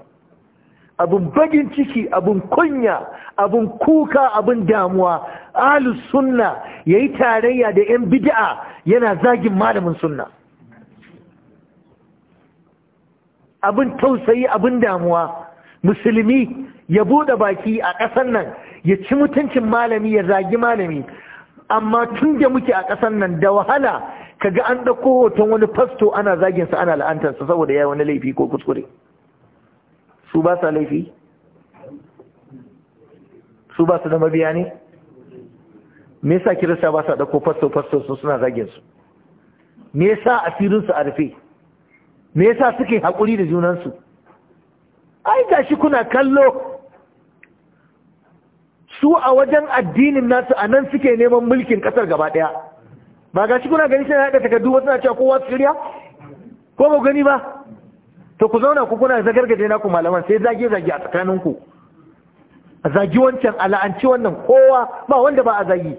abin bagin ciki abin kunya abin kuka abin damuwa ahlus sunna yayi tarayya da yan bid'a yana zagin malamin sunna abin tausayi abin damuwa musulmi ya buɗe baki a ƙasar nan ya ci mutuncin malami ya zagi malami amma tun da muke a ƙasar nan da wahala ka ga an ɗauko hoton wani fasto ana sa ana sa saboda ya wani laifi ko kuskure su ba sa laifi su ba su da mabiya ne me yasa kirista ba sa ɗauko fasto fasto su suna zaginsu me yasa asirinsu a rufe me yasa suke haƙuri da junansu ai gashi kuna kallo su a wajen addinin nasu a nan suke neman mulkin kasar gaba daya ba ga shi kuna gani suna haɗa takardu wasu na cewa kowa su shirya ko ba gani ba to ku zauna ku kuna zagargaje na ku malaman sai zage zage a tsakaninku a zagi wancan a wannan kowa ba wanda ba a zagi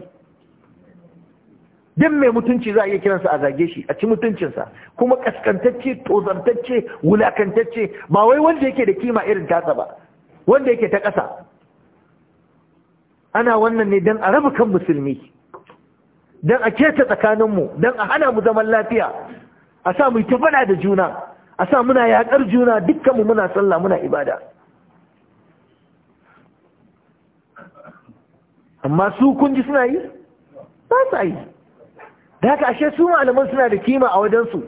duk mai mutunci za a iya kiransa a zage shi a ci mutuncinsa kuma kaskantacce tozartacce wulakantacce ba wai wanda yake da kima irin tasa ba wanda yake ta ƙasa ana wannan ne don a raba kan musulmi don a keta tsakaninmu don a hana mu zaman lafiya a sa mu yi da juna a sa muna yaƙar juna dukkanmu muna sallah muna ibada amma su kun ji suna yi ba sa yi da haka ashe su malaman suna da kima a wajensu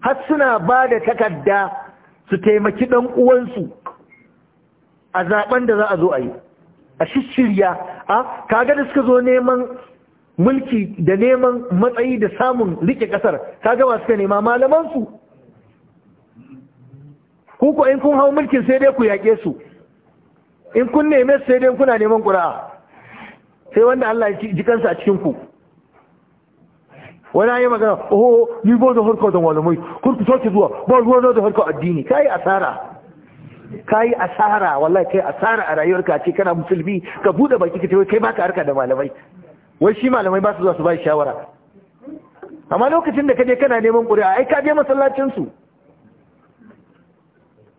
har suna ba da takarda su taimaki ɗan uwansu a zaben da za a zo a yi a shirya a kaga da suka zo neman mulki da neman matsayi da samun rike kasar kaga masu ka nema malaman su ku ko in kun hau mulkin sai dai ku yaƙe su in kun neme su sai dai kuna neman ƙura'a sai wanda Allah ya ji kansa a cikin ku wani yi magana oh ni bo da harkar da malamai kurku zuwa ba ruwa da harkar addini kai asara kayi asara wallahi kai asara a rayuwarka ce kana musulmi ka bude baki ka kai baka harka da malamai wai shi malamai ba su zuwa su ba shawara amma lokacin da kaje kana neman ƙuri'a ai ka je masallacin su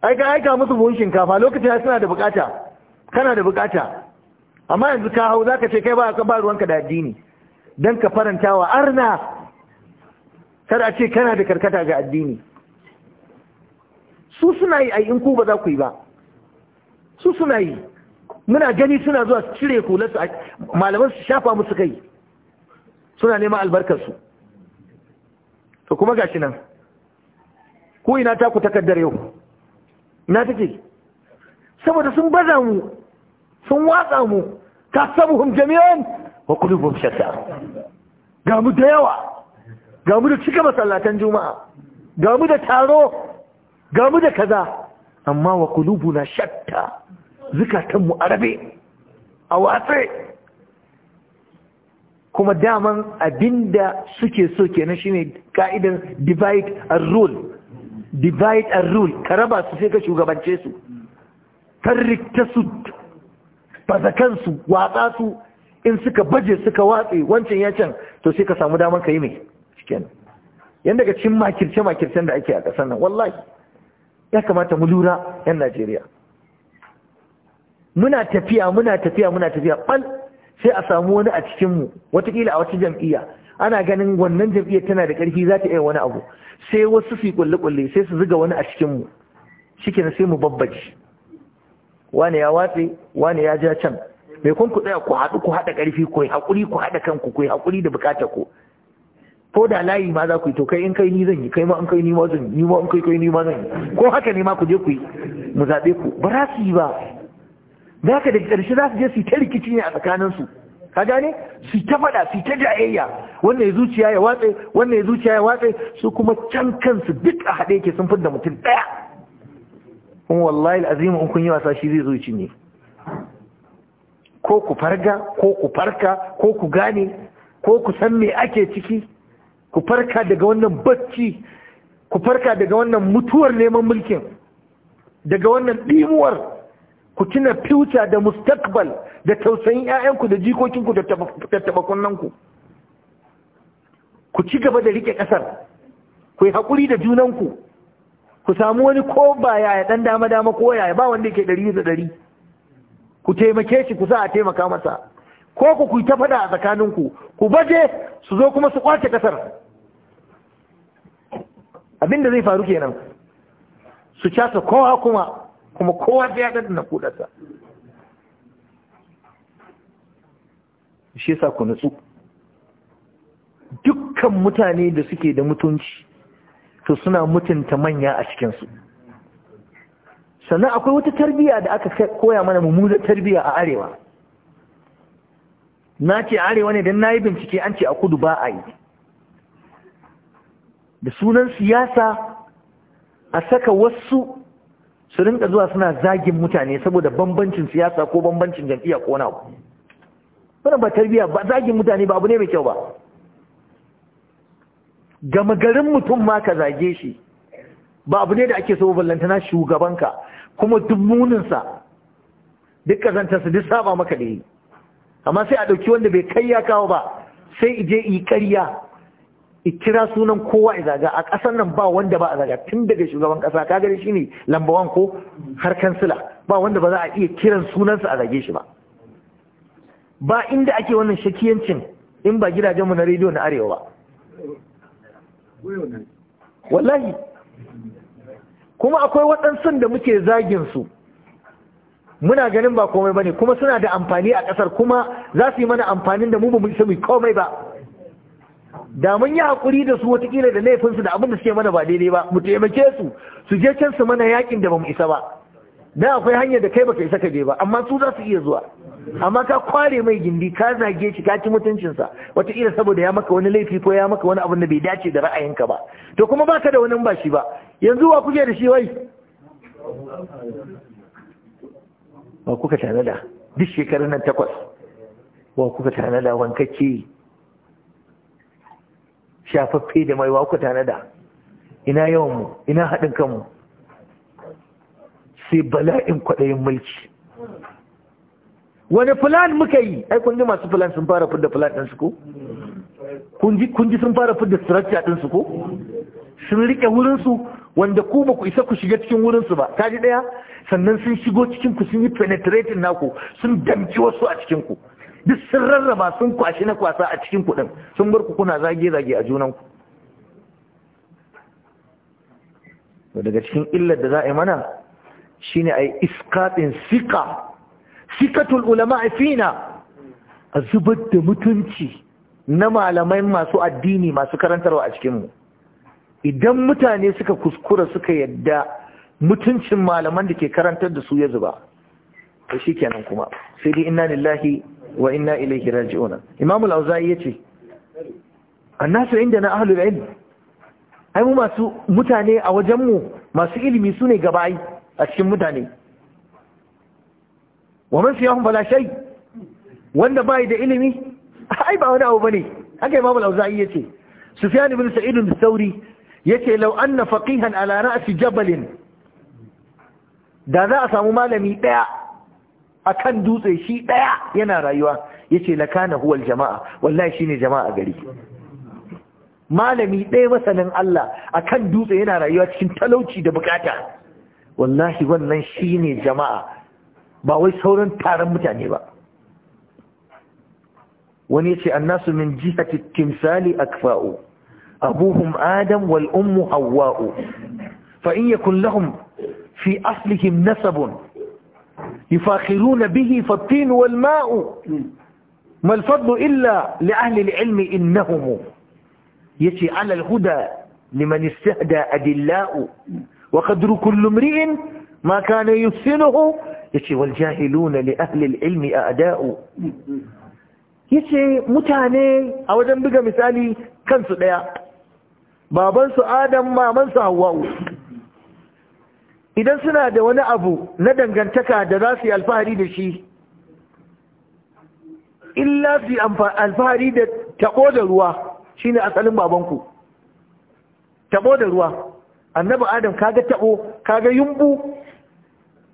ai ka aika musu buhun shinkafa lokacin suna da bukata kana da bukata amma yanzu ka hau zaka ce kai ba ka ba ruwanka da addini dan ka farantawa arna kada a ce kana da karkata ga addini su suna yi a in ku ba za ku yi ba su suna yi muna gani suna zuwa cire cire a malaman su shafa musu kai suna neman albarkarsu to kuma gashi nan ko ina ta ku takaddar yau ina take saboda sun baza mu sun watsa mu kasabuhum jami'an wa qulubuhum shatta ga mu da yawa ga mu da cika masallatan juma'a ga mu da taro ga da kaza amma wa na shatta zukatanmu mu arabe a watse kuma daman abinda suke so kenan shine ka'idan divide and rule divide and rule ka raba su sai ka shugabance su tarik tasud baza kansu watsa su in suka baje suka watse wancan ya can to sai ka samu daman ka yi mai cikin yan daga cikin makirce makircen da ake a ƙasar nan wallahi ya kamata mu lura 'yan Najeriya muna tafiya muna tafiya muna tafiya ɓal sai a samu wani a cikinmu watakila a wata jam'iyya ana ganin wannan jam'iyyar tana da ƙarfi za ta iya wani abu sai wasu su kulle-kulle sai su ziga wani a cikinmu shi sai mu babbaci wani ya watse wani ya ja can mai kun ku tsaya ku haɗu ku haɗa ƙarfi ku haƙuri ku haɗa kanku ku haƙuri da buƙatar ku ko da layi ma za ku yi to kai in kai ni zan yi kai ma in kai ni ma zan yi ma in kai kai ni ma zan yi ko haka ne ma ku je ku yi mu zaɓe ku ba za su yi ba da haka da ƙarshe za su je su yi ta rikici ne a tsakaninsu ka gane su ta faɗa su ta jayayya wannan ya zuciya ya watse wannan ya zuciya ya watse su kuma can kansu duk a haɗe yake sun fidda mutum ɗaya kuma wallahi azimu in kun yi wasa shi zai ya cinye ko ku farga ko ku farka ko ku gane ko ku san me ake ciki ku farka daga wannan bacci ku farka daga wannan mutuwar neman mulkin daga wannan ɗimuwar ku tuna future da mustakbal da tausayin 'ya'yanku da jikokinku da tattabakunanku ku ci gaba da riƙe ƙasar ku yi haƙuri da junanku ku samu wani ko ba yaya ɗan dama dama ko yaya ba wanda yake ɗari da ɗari ku taimake shi ku sa a taimaka masa ko ku ku ta faɗa a tsakaninku ku baje su zo kuma su kwace kasar abinda zai faru kenan su casa kowa kuma kuma kowa ya na kudarsa shi yasa ku nutsu dukkan mutane da suke da mutunci to suna mutunta manya a cikinsu sannan akwai wata tarbiya da aka koya mana mummunar tarbiya a arewa na ce arewa ne don na yi bincike an ce a kudu ba a yi da sunan siyasa a saka wasu su rinka zuwa suna zagin mutane saboda bambancin siyasa ko bambancin jam'iyya ko na ku suna ba tarbiyya ba zagin mutane ba abu ne mai kyau ba gama garin mutum ma ka zage shi ba abu ne da ake so ballantana shugabanka kuma duk muninsa duk kazantarsa duk saba maka da yi amma sai a ɗauki wanda bai kai ya kawo ba sai ije yi ƙarya i kira sunan kowa a zaga a ƙasar nan ba wanda ba a zaga tun daga shugaban ƙasa ka gani ne lambawan ko har kansila ba wanda ba za a iya kiran sunansa a zage shi ba ba inda ake wannan shakiyancin in ba gidajenmu na rediyo na arewa ba wallahi kuma akwai waɗansu da muke zagin su muna ganin ba komai bane kuma suna da amfani a kasar kuma za su yi mana amfanin da mu ba mu isa komai ba da mun yi hakuri da su wataƙila da laifinsu da abin da suke mana ba daidai ba mu taimake su su je can su mana yakin da ba mu isa ba da akwai hanyar da kai baka isa ka je ba amma su za su iya zuwa amma ka kware mai gindi ka zage shi ka ci mutuncinsa wataƙila saboda ya maka wani laifi ko ya maka wani abin da bai dace da ra'ayinka ba to kuma baka da wani ba shi ba yanzu wa kuke da shi wai wa kuka tanada duk shekarun nan takwas wa kuka tanada wankacce shafaffe da mai wa kuka tanada ina yawanmu ina haɗin kanmu sai bala'in kwaɗayin mulki wani fulan muka yi ai kun ji masu fulan sun fara fudda fulan ɗinsu ko? kun ji sun fara fudda structure ɗinsu ko? sun riƙe wurinsu wanda ku ba ku isa ku shiga cikin wurinsu ba ta ji ɗaya sannan sun shigo cikin ku sun yi penetrating naku sun damci wasu a cikin ku duk sun rarraba sun kwashi na kwasa a cikin ku ɗin sun bar ku kuna zage-zage a junan ku daga cikin illar da za a yi mana shine a yi iskaɗin sika sikatul ulama fina a zubar da mutunci na malamai masu addini masu karantarwa a cikinmu idan mutane suka kuskura suka yadda mutuncin malaman da ke karantar da su ya zuba ta shi kenan kuma sai dai ina lillahi wa inna ilaihi raji'una imamu al ce. yace annasu inda na ahlul ilm ai mu masu mutane a wajen mu masu ilimi su ne gabayi a cikin mutane wa man fiyahum bala shay wanda bai da ilimi ai ba wani abu bane haka imamu al ya ce sufyan ibn sa'id al sauri. yace an na faƙihan ala a jabalin da za a samu malami ɗaya a kan dutse shi ɗaya yana rayuwa yace lakana huwal jama'a wallahi shine jama'a gari malami ɗaya masanin Allah a kan dutse yana rayuwa cikin talauci da bukata wallahi wannan shine jama'a ba wai sauran taron mutane ba wani yace annasu min jihati timsali akfa'u أبوهم آدم والأم حواء فإن يكن لهم في أصلهم نسب يفاخرون به فالطين والماء ما الفضل إلا لأهل العلم إنهم يتي على الهدى لمن استهدى أدلاء وقدر كل امرئ ما كان يحسنه يتي والجاهلون لأهل العلم أعداء يتي متاني أو جنبك مثالي كنسو ديا babansu adam mamansu hawa'u idan suna da wani abu na dangantaka da za su yi alfahari da shi illa su yi alfahari da tabo da ruwa shi ne asalin babanku tabo da ruwa annabi adam kaga tabo kaga yumbu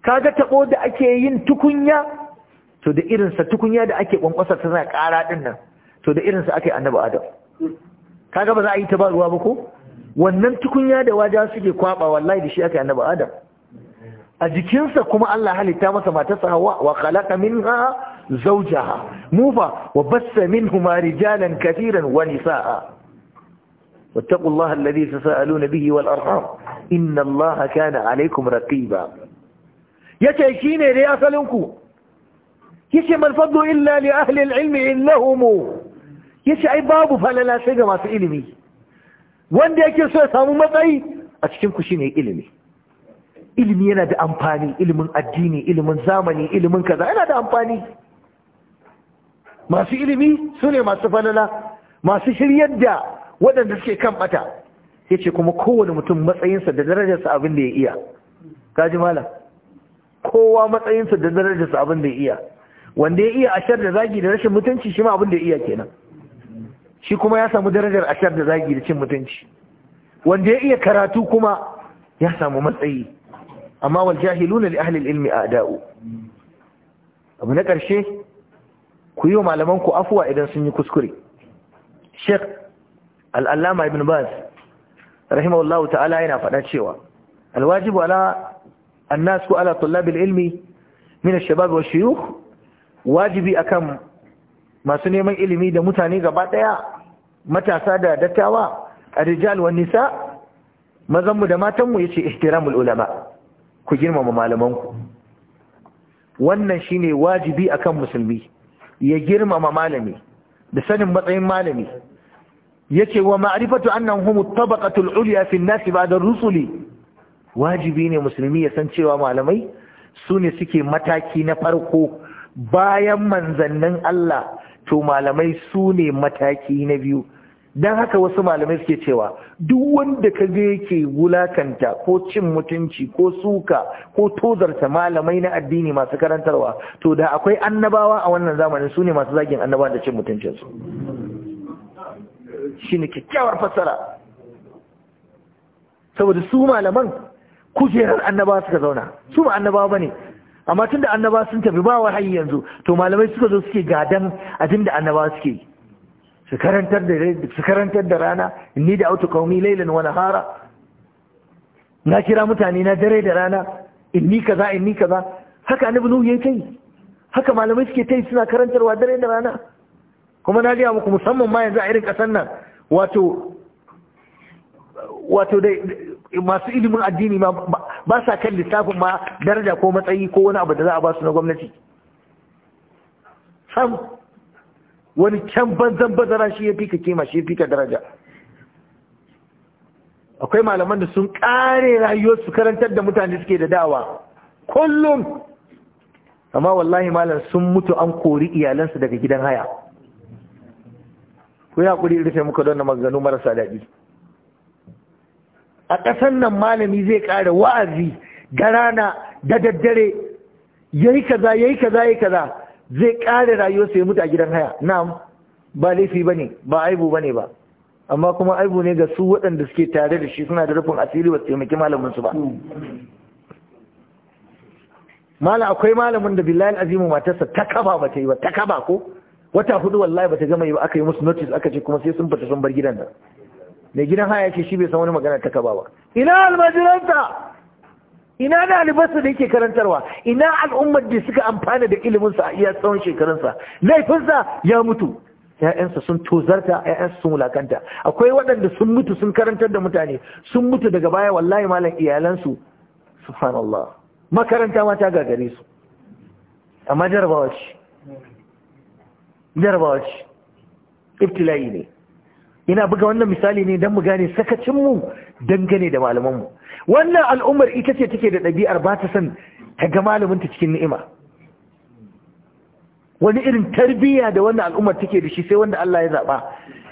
kaga tabo da ake yin tukunya to da irinsa tukunya da ake kwankwasa tana kara din nan to da irinsa ake annabi adam kaga ba za a yi ta ba ruwa ba ko wannan tukunya da waja suke kwaba wallahi da shi aka annabi adam a jikinsa kuma Allah halitta masa matarsa sahawa wa khalaqa minha zawjaha mufa wa bassa minhuma rijalan katiran wa nisaa wattaqu Allah alladhi tasaaluna bihi wal arham inna Allah kana alaykum raqiba yace shine dai asalinku yace mal fadlu illa li ahli ilmi innahum ya ce ai babu falala sai ga masu ilimi wanda yake so ya samu matsayi a cikin ku shine ilimi ilimi yana da amfani ilimin addini ilimin zamani ilimin kaza yana da amfani masu ilimi su ne masu falala masu shiryar da waɗanda suke kan bata ya ce kuma kowane mutum matsayinsa da darajarsa abin da ya iya kaji malam kowa matsayinsa da darajarsa abin da ya iya wanda ya iya ashar da zagi da rashin mutunci shi ma abin da ya iya kenan shi kuma ya samu darajar ashar da zagi da cin mutunci wanda ya iya karatu kuma ya samu matsayi amma wal jahiluna li ahli ilmi a'da'u abu na karshe ku yi wa malaman ku afuwa idan sun yi kuskure sheikh al-allama ibn baz ta'ala yana faɗa cewa alwajibu ala annas ku ala tullab ilmi min ash-shabab wa shuyukh wajibi akan masu neman ilimi da mutane gaba daya matasa da dattawa a rijal wa nisa mazanmu da matanmu ya ce ihtiramul ulama ku girmama malamanku wannan shi ne wajibi akan musulmi ya girmama malami da sanin matsayin malami Ya ce wa ma'arifatu annan humu tabaqatu al fi nasi ba da rusuli wajibi ne musulmi ya san cewa malamai su ne suke mataki na farko bayan manzannin Allah to malamai su ne mataki na biyu don haka wasu malamai suke cewa duk wanda ka ga yake wulakanta ko cin mutunci ko suka ko tozarta malamai na addini masu karantarwa to da akwai annabawa a wannan zamanin su ne masu zagin annabawa da cin mutuncinsu shi ne kyakkyawar fassara saboda su malaman kujerar annabawa suka zauna su ma annabawa ba ne amma tun da annabawa sun tafi ba wahayi yanzu to malamai suka zo suke gadan abin da annabawa suke yi su karantar da rana in ni da auta kaumi lailan wa nahara na kira mutane na dare da rana in ni kaza in ni kaza haka annabi nuhu yayi kai haka malamai suke tai suna karantarwa dare da rana kuma na ga muku musamman ma yanzu a irin kasar nan wato wato dai masu ilimin addini ma ba sa kan lissafin ma daraja ko matsayi ko wani abu da za a ba su na gwamnati sam wani can banzan bazara shi ya fi ka kima shi ya fi ka daraja akwai malaman da sun kare rayuwar su karantar da mutane suke da dawa kullum amma wallahi malam sun mutu an kori iyalansu daga gidan haya ku ya kuri rufe muka don maganganu marasa daɗi a ƙasan nan malami zai ƙara wa'azi garana da daddare yayi kaza yayi kaza yayi kaza zai ƙare rayuwarsa ya mutu a gidan haya na'am ba laifi ba ne, ba aibu ba ne ba amma kuma aibu ne ga su waɗanda suke tare da shi suna da rufin asiri ba su taimaki malamin su ba mala akwai malamin da billahi azimu matarsa ta kaba ba ta yi ba ta kaba ko wata hudu wallahi ba ta gama yi ba aka yi musu notice aka ce kuma sai sun fita sun bar gidan da mai gidan haya ce shi bai san wani magana ta kaba ba ina almajiranta ina ɗalibansa da yake karantarwa ina al'ummar da suka amfana da iliminsa a iya tsawon shekarunsa laifinsa ya mutu ‘ya'yansa sun tozarta ‘ya'yansa sun wulakanta akwai waɗanda sun mutu sun karantar da mutane sun mutu daga baya wallahi malam iyalansu subhanallah makaranta ma ta gagare su amma jarabawa ce jarabawa ce ibtilayi ne ina buga wannan misali ne don mu gane sakacinmu dangane da malamanmu wannan al'ummar ita ce take da ɗabi'ar ba ta san ta ga malaminta cikin ni'ima wani irin tarbiyya da wannan al'ummar take da shi sai wanda Allah ya zaɓa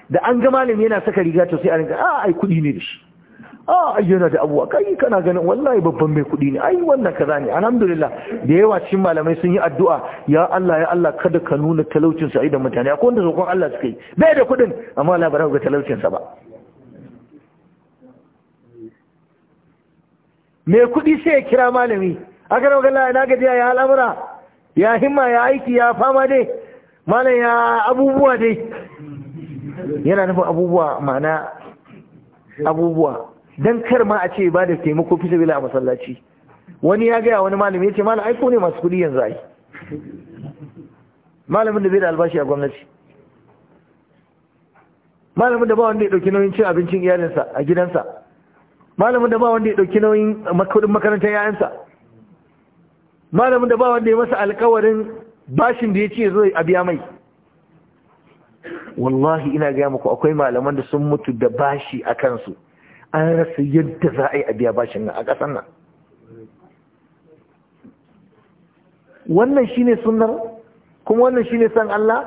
da an ga malami yana saka riga to sai a riga a ah, ai kuɗi ne da shi a ayyana da abuwa kai kana ganin wallahi babban mai kudi ne ai wannan kaza ne alhamdulillah da yawa cikin malamai sun yi addu'a ya Allah ya Allah kada ka nuna talaucin su da mutane akwai wanda zokon Allah suka yi bai da kudin amma Allah ba za ga talaucin sa ba Me kudi sai ya kira malami aka rawa Allah na gaji ya al'amura ya himma ya aiki ya fama dai malam ya abubuwa dai yana nufin abubuwa ma'ana abubuwa dan kar ma a ce ba da taimako fi sabila a masallaci wani ya gaya wani malami ya ce malam aiko ne masu kuɗi yanzu ai malamin da bai da albashi a gwamnati malamin da ba wanda ya dauki nauyin cin abincin iyalinsa a gidansa malamin da ba wanda ya dauki nauyin kudin makarantar yayansa malamin da ba wanda ya masa alkawarin bashin da ya ce zai a biya mai wallahi ina gaya muku akwai malaman da sun mutu da bashi a kansu an rasa yadda za a yi a biya bashin nan a ƙasar nan wannan shi ne sunan, kuma wannan shi ne san Allah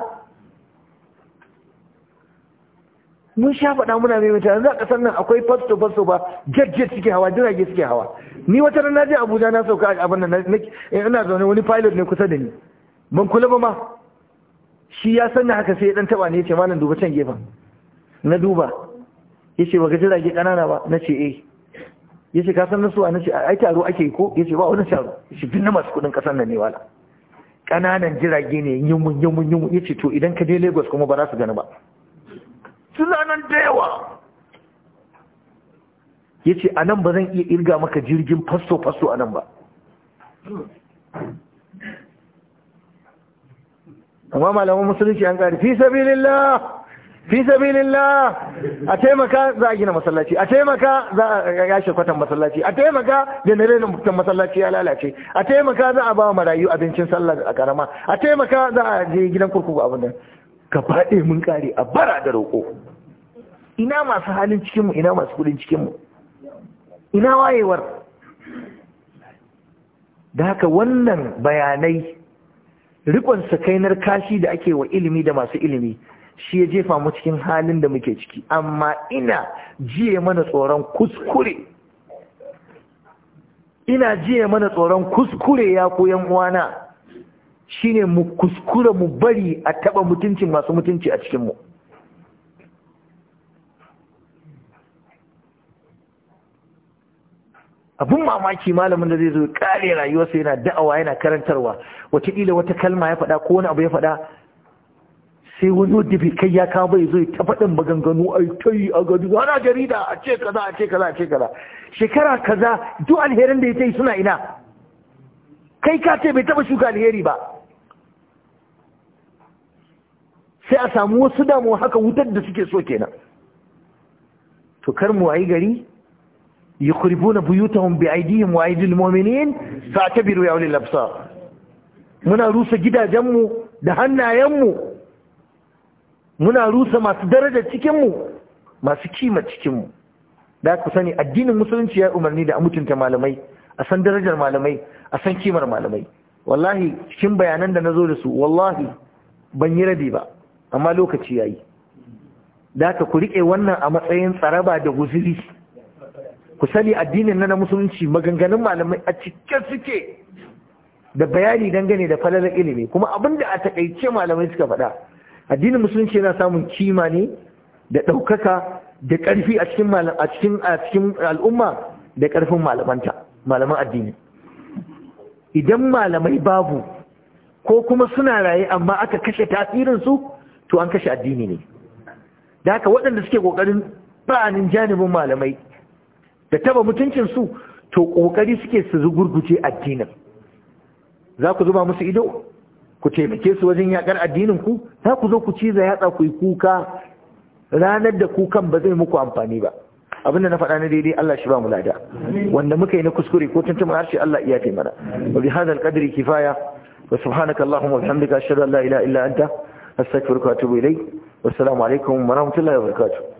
mun sha faɗa muna mai mutane za a ƙasar nan akwai fasto fasto ba jajjet suke hawa jirage suke hawa ni wata rana je abuja na sauka abin nan ina zaune wani pilot ne kusa da ni ban kula ba ma shi ya sanya haka sai ya dan taba ne ya ce malam duba can gefen na duba yace baka jirage kanana ba nace eh yace ka san nasu nace ai taro ake ko yace ba wani taro shi binne masu kudin kasar nan ne wala kananan jirage ne yumun yumun yumun yace to idan ka je Lagos kuma ba za su gani ba suna nan da yawa yace a nan ba zan iya irga maka jirgin fasto fasto a nan ba amma malaman musulunci an ƙari fi sabilillah fi sabilillah a taimaka za a gina masallaci a taimaka za a yashe kwatan masallaci a taimaka da mutan masallaci ya lalace a taimaka za a ba wa marayu abincin sallah a karama a taimaka za a je gidan kurkuku abin nan ka faɗe mun kare a bara da roƙo ina masu halin cikinmu ina masu kudin cikinmu ina wayewar da haka wannan bayanai rikon sakainar kashi da ake wa ilimi da masu ilimi shi ya jefa mu cikin halin da muke ciki amma ina jiye mana tsoron kuskure ina jiye mana tsoron kuskure ya koyan uwana shine mu kuskure mu bari a taba mutuncin masu mutunci a cikinmu Abin mamaki malamin da zai zo kare rayuwarsa yana da'awa yana karantarwa wataƙila wata kalma ya faɗa ko wani abu ya faɗa sai wani wadda bai kai ya kawo bai ta faɗin maganganu a yi a gani ana jarida a ce kaza a ce kaza a ce kaza shekara kaza duk alherin da ya yi suna ina kai ka ce bai taba shuka alheri ba sai a samu wasu damu haka wutar da suke so kenan to kar mu ayi gari na yukribuna buyutahum bi aydihim wa sa ta fa'tabiru ya wani lafsa muna rusa gidajenmu da hannayenmu muna rusa masu daraja cikinmu masu kima cikinmu da ku sani addinin musulunci ya umarni da a mutunta malamai a san darajar malamai a san kimar malamai wallahi cikin bayanan da na zo da su wallahi ban yi rabi ba amma lokaci ya yi da ka ku riƙe wannan a matsayin tsaraba da guziri ku sani addinin na musulunci maganganun malamai a cike suke da bayani dangane da falalar ilimi kuma abinda a takaice malamai suka faɗa addinin musulunci yana samun kima ne da ɗaukaka da ƙarfi a cikin al'umma da ƙarfin malamanta malaman addini idan malamai babu ko kuma suna raye amma aka kashe tasirinsu, to an kashe addini ne da haka waɗanda suke ƙoƙarin ba'anin janibin malamai da taba mutuncinsu to ƙoƙari suke su zugurguce addinin za ku zuba musu ido ku taimake su wajen yakar addinin ku za ku zo ku ciza yatsa ku yi kuka ranar da kukan ba zai muku amfani ba abin da na faɗa na daidai Allah shi ba mu lada wanda muka yi na kuskure ko tuntun harshe Allah iya taimaka wa bi hadal qadri kifaya wa subhanaka allahumma wa bihamdika ashhadu an la ilaha illa anta astaghfiruka wa atubu ilayk wassalamu alaikum wa rahmatullahi wa barakatuh